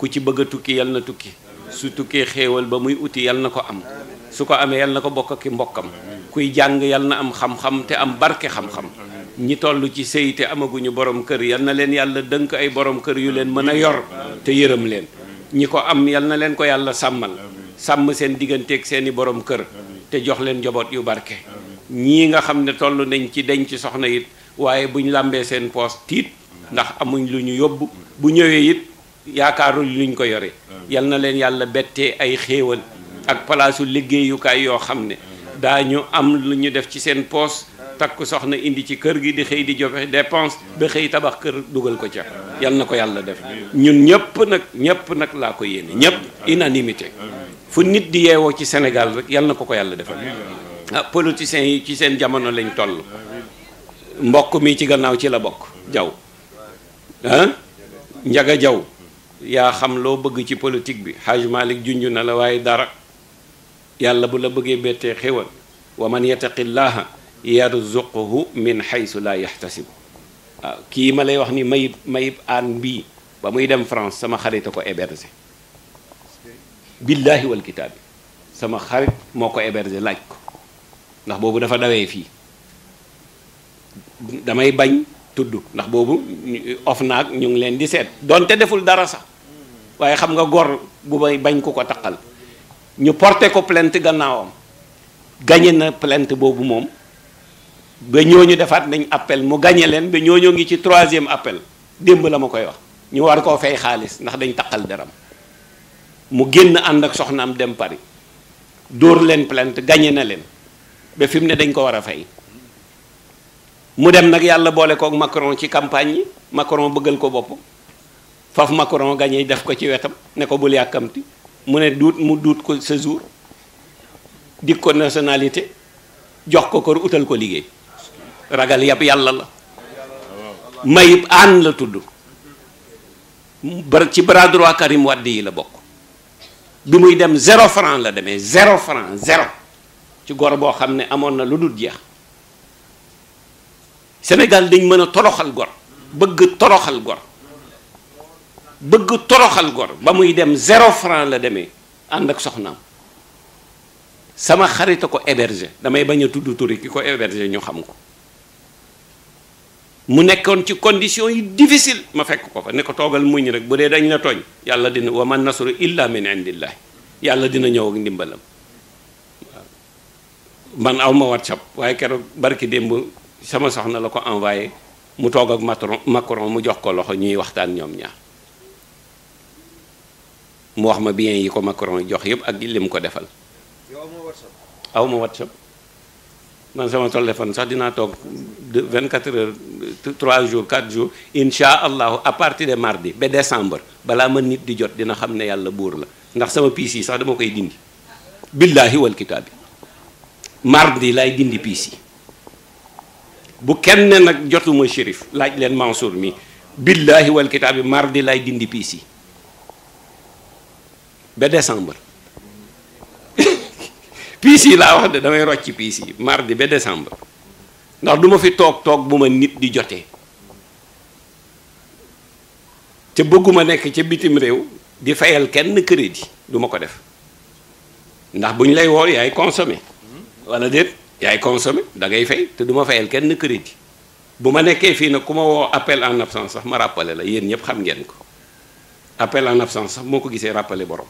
ku ci bëgg a tukki yal na tukki su tukkee xéewal ba muy uti yal na ko am su ko amee yal na ko bokk ki mbokkam kuy jàng yal na am xam-xam te am barke xam-xam ñi toll ci sëy te amaguñu borom kër yal na leen yàlla dënk ay borom kër yu leen mën a yor te yërëm leen ñi ko am yal na leen ko yàlla sàmmal sàmm seen digganteeg seeni borom kër te jox leen njaboot yu barke ñii nga xam ne toll nañ ci deñ denc soxna it waaye buñ làmbee seen poos tiit ndax yaakaaru luñ ko yore mm. yal na leen yàlla bettee ay xéewal ak palaasu liggéeyukaay yoo xam ne daañu am lu ñu def ci seen poos takk soxna indi ci kër gi di xëy di joxe dépense ba xëy tabax kër dugal ko ca yal na ko yàlla def ñun ñëpp nag ñëpp nag laa ko yéene ñëpp unanimité fu nit di yeewoo ci Sénégal rek yal na ko ko yàlla defal ah politiciens yi ci seen jamono lañ toll mbokk mi ci gannaaw ci la bokk jaw ah? njaga jaw yaa xam loo bëgg ci politique bi Hajj Malik junj na la waaye dara yàlla bu la bëggee bettee xéwal wa man yattaqillaha yarzuquhu min xaysu laa yaxtasibu waaw kii ma lay wax ni mayib mayib aan bii ba muy dem France sama xarit a ko hébergé billaahi wal kitaabi sama xarit moo ko hébergé laaj ko ndax boobu dafa dawee fii damay bañ tudd ndax boobu of naag ñu ngi leen di seet doon te deful dara sax waaye xam nga gor bu ba bañ ku ko taqal ñu porté ko plainte gannaawam gañe na plainte boobu moom ba ñu defaat nañ appel mu gañe leen ba ñooñoo ngi ci troisième appel démb la ma koy wax ñu war koo fay xaalis ndax dañ taqal deram mu génn ànd ak soxnaam dem Paris dóor leen plainte gañe na leen ba fi ne dañ ko war a fay mu dem nag yàlla boole kook Macron ci campagne yi Macron bëggal ko bopp faf Macron gañe def ko ci wetam ne ko bul yàkkamti mu ne duut mu duut ko séjour dik ko nationalité jox ko kër utal ko liggéey ragal yab yàlla la mayib ànn la tudd ci bras droit Karim Wade yi la bokk bi muy dem zéro franc la demee zéro franc zéro ci gor boo xam ne amoon na lu dul jeex Sénégal dañ mën a toroxal gor bëgg toroxal gor bëgg toroxal gor ba muy dem zéro franc la demee ànd ak soxnaam sama xarit a ko héberger damay bañ a tudd turi ki ko héberger ñu xam ko mu nekkoon ci condition yi difficile ma fekk ko fa ne ko toogal muñ rek bu dee dañ la tooñ yàlla dina wa man nasru illa min indillahi yàlla dina ñëw ak ndimbalam man aw WhatsApp waaye keroog barki démb sama soxna la ko envoyé mu toog ak Macron Macron mu jox ko loxo ñuy waxtaan ñoom ñaar mu wax ma bien yi ko Macron jox yëpp ak lim ko defal. yow aw ma WhatsApp man sama téléphone sax dinaa toog de 24 heures 3 jours 4 jours incha allahu à partir de mardi ba décembre balaa ma nit di jot dina xam ne yàlla buur la ndax sama piis yi sax dama koy dindi. billaahi wal kitaabi mardi lay dindi piis yi. bu kenn nag jotuma shérif laaj leen Mansour mi billaahi wal kitaab bi mardi laay dindi piis yi ba décembre piis yi laa wax de damay rocc piis yi mardi ba décembre ndax du ma fi toog toog bu ma nit di jotee te bëgguma nekk ca bitim réew di fayal kenn crédit du ma ko def ndax bu ñu lay woor yaay consommé wala déet yaay consommé da ngay fay te du ma fayal kenn crédit bu ma nekkee fii nag ku ma woo appel en absence sax ma rappelé la yéen ñëpp xam ngeen ko appel en absence sax moo ko gisee rappelé borom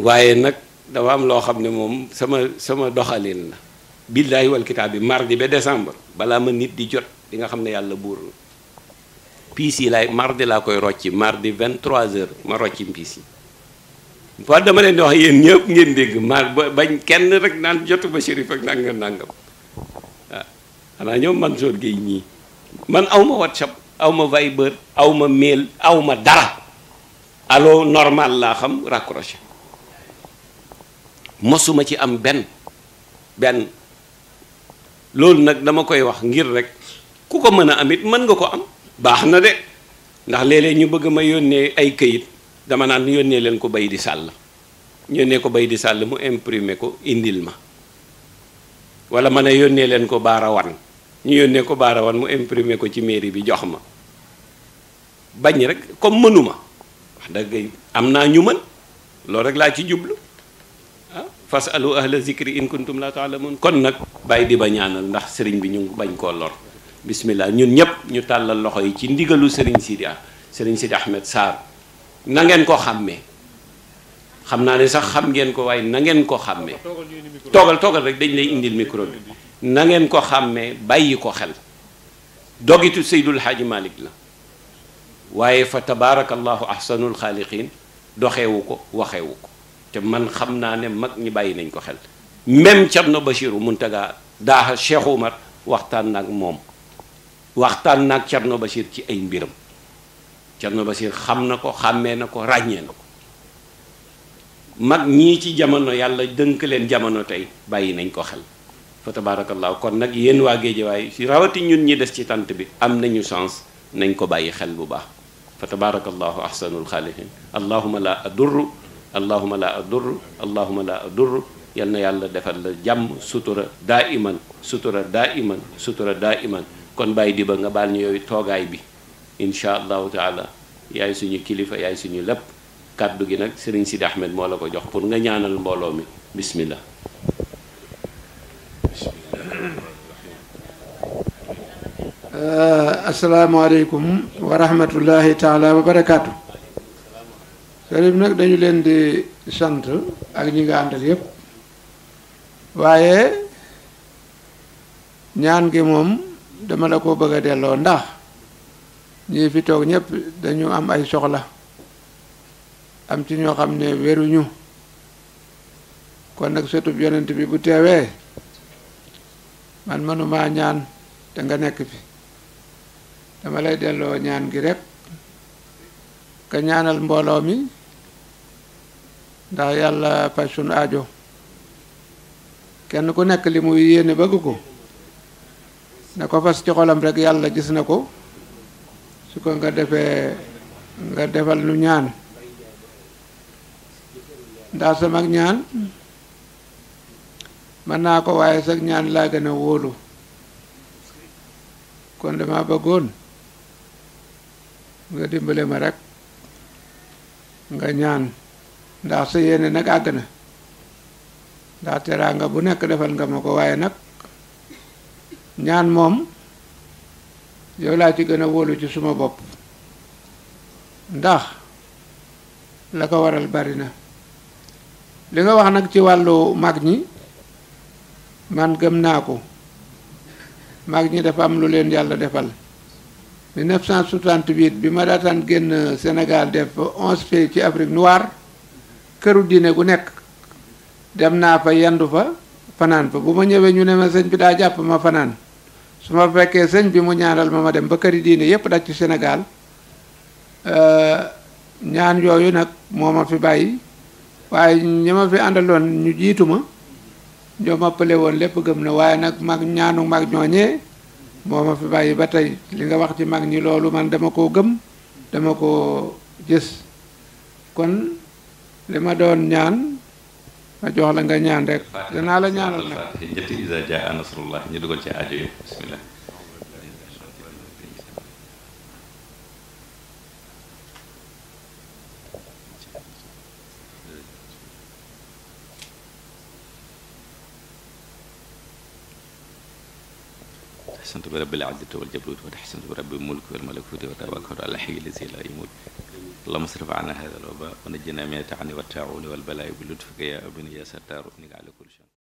waaye nag dafa am loo xam ne moom sama sama doxalin la billahi wal kitaab bi mardi ba décembre balaa ma nit di jot di nga xam ne yàlla buur na piis yi laay mardi laa koy rocci mardi 23 heures ma rocci piis yi waaw dama leen di wax yéen ñëpp ngeen dégg ma bañ kenn rek naan jotu ba shérif ak nangam nangam waaw ah, ñëw ñoom Mansour Guèye ñii man awma whatsapp awma Viber awma mail awma dara allo normal laa xam raccroché mosuma ci am benn benn loolu nag dama koy wax ngir rek ku ko mën a am it mën nga ko am baax na de ndax léeg ñu bëgg ma yónnee ay këyit dama naan yónnee leen ko bay di sàll yónnee ko bay di sàll mu imprimer ko indil ma wala ma ne yónnee leen ko baarawan ñu yónnee ko baarawan mu imprimer ko ci mairie bi jox ma bañ rek comme mënuma wax dëgg am naa ñu mën loolu rek laa ci jublu ah fas alu ahla zikri in kuntum la taalamun kon nag bàyyi di ba ñaanal ndax sëriñ bi ñu bañ koo lor bismillah ñun ñëpp ñu tàllal loxo yi ci ndigalu sëriñ Sidi Sëriñ Sidi Ahmed Sarr na ngeen ko xàmmee xam naa ne sax xam ngeen ko waaye na ngeen ko xàmmee toogal toogal rek dañ lay indil micro bi na ngeen ko xàmmee bàyyi ko xel dogitu Seydul Haaji Malik la waaye fa tabaarakallahu ahsanul xaaliqiin doxewu ko waxewu ko te man xam naa ne mag ñi bàyyi nañ ko xel même Thierno Bachirou Mountaga daax Cheikh Oumar waxtaan ak moom waxtaan naag Thierno Bachir ci ay mbiram Cerno Basiir xam na ko xàmmee na ko ràññee na ko mag ñii ci jamono yàlla dënk leen jamono tey bàyyi nañ ko xel fa tabaarakallaahu kon nag yéen waa Géejawaay si rawati ñun ñi des ci tant bi am nañu chance nañ ko bàyyi xel bu baax fa tabaarakallaahu ahsanul xaaliqin allahuma la adurru allahuma la adurru allahuma la adurru yal na yàlla defar la jàmm sutura daa iman sutura daa iman sutura daa iman kon bàyyi di ba nga baal ñu yooyu toogaay bi incha allahu taala yaay suñu kilifa yaay suñu lépp kàddu gi nag sëriñ Sidi Ahmed moo la ko jox pour nga ñaanal mbooloo mi bismillah uh, asalaamaaleykum wa rahmatullahi taala wa barakaatu sëriñ nag dañu leen di sant ak ñi nga àndal yépp waaye ñaan gi moom dama la ko bëgg a delloo ndax ñii fi toog ñëpp dañu am ay soxla am ci ñoo xam ne wéruñu kon nag sëtub yonent bi bu teewee man mënumaa ñaan te nga nekk fi dama lay delloo ñaan gi rekk nga ñaanal mbooloo mi ndax yàlla faj ajo kenn ku nekk li muy yéene bëgg ko na ko fas ci xolam rekk yàlla gis na ko su ko nga defee nga defal nu ñaan ndax sama ñaan mën naa ko waaye sax ñaan laa gën a wóolu kon dama bëggoon nga dimbale ma rek nga ñaan ndax sa yéene nag àgg na ndax teraanga bu nekk defal nga ma ko waaye nag ñaan moom yow laa ci gën a wóolu ci suma bopp ndax la ko waral bari na li nga wax nag ci wàllu mag ñi man gëm naa ko mag ñi dafa am lu leen yàlla defal 1968 bi ma daataan génn Sénégal def onze pays ci Afrique noire këru diine gu nekk dem naa fa yendu fa fanaan fa bu ma ñëwee ñu ne ma sëñ bi daa jàpp ma fanaan su ma fekkee sëñ bi mu ñaanal ma ma dem ba këri diine yépp daj ci senegaal euh, ñaan yooyu nag moom ma fi bàyyi waaye ñi ma fi àndaloon ñu jiitu ma ñoo ma pële woon lépp gëm na waaye nag mag ñaanu mag ñooñee moo ma fi bàyyi ba tey li nga wax ci mag ñi loolu man dama koo gëm dama koo gis kon li ma doon ñaan ma jox la nga ñaan rek danaa la ñaanal nag njëtti isa jaa nasrullah ñu dugal ci aajo yëpp bismillah ahsantu bi rabbil izzati wal jabarut wa ahsantu bi rabbil mulki wal malakuti wa tawakkal ala hayy lazi la yamut اللهم اصرف عنا هذا الوباء ونجنا من التعني والتعول والبلاء بلطفك يا ابني يا ستار انك على كل شيء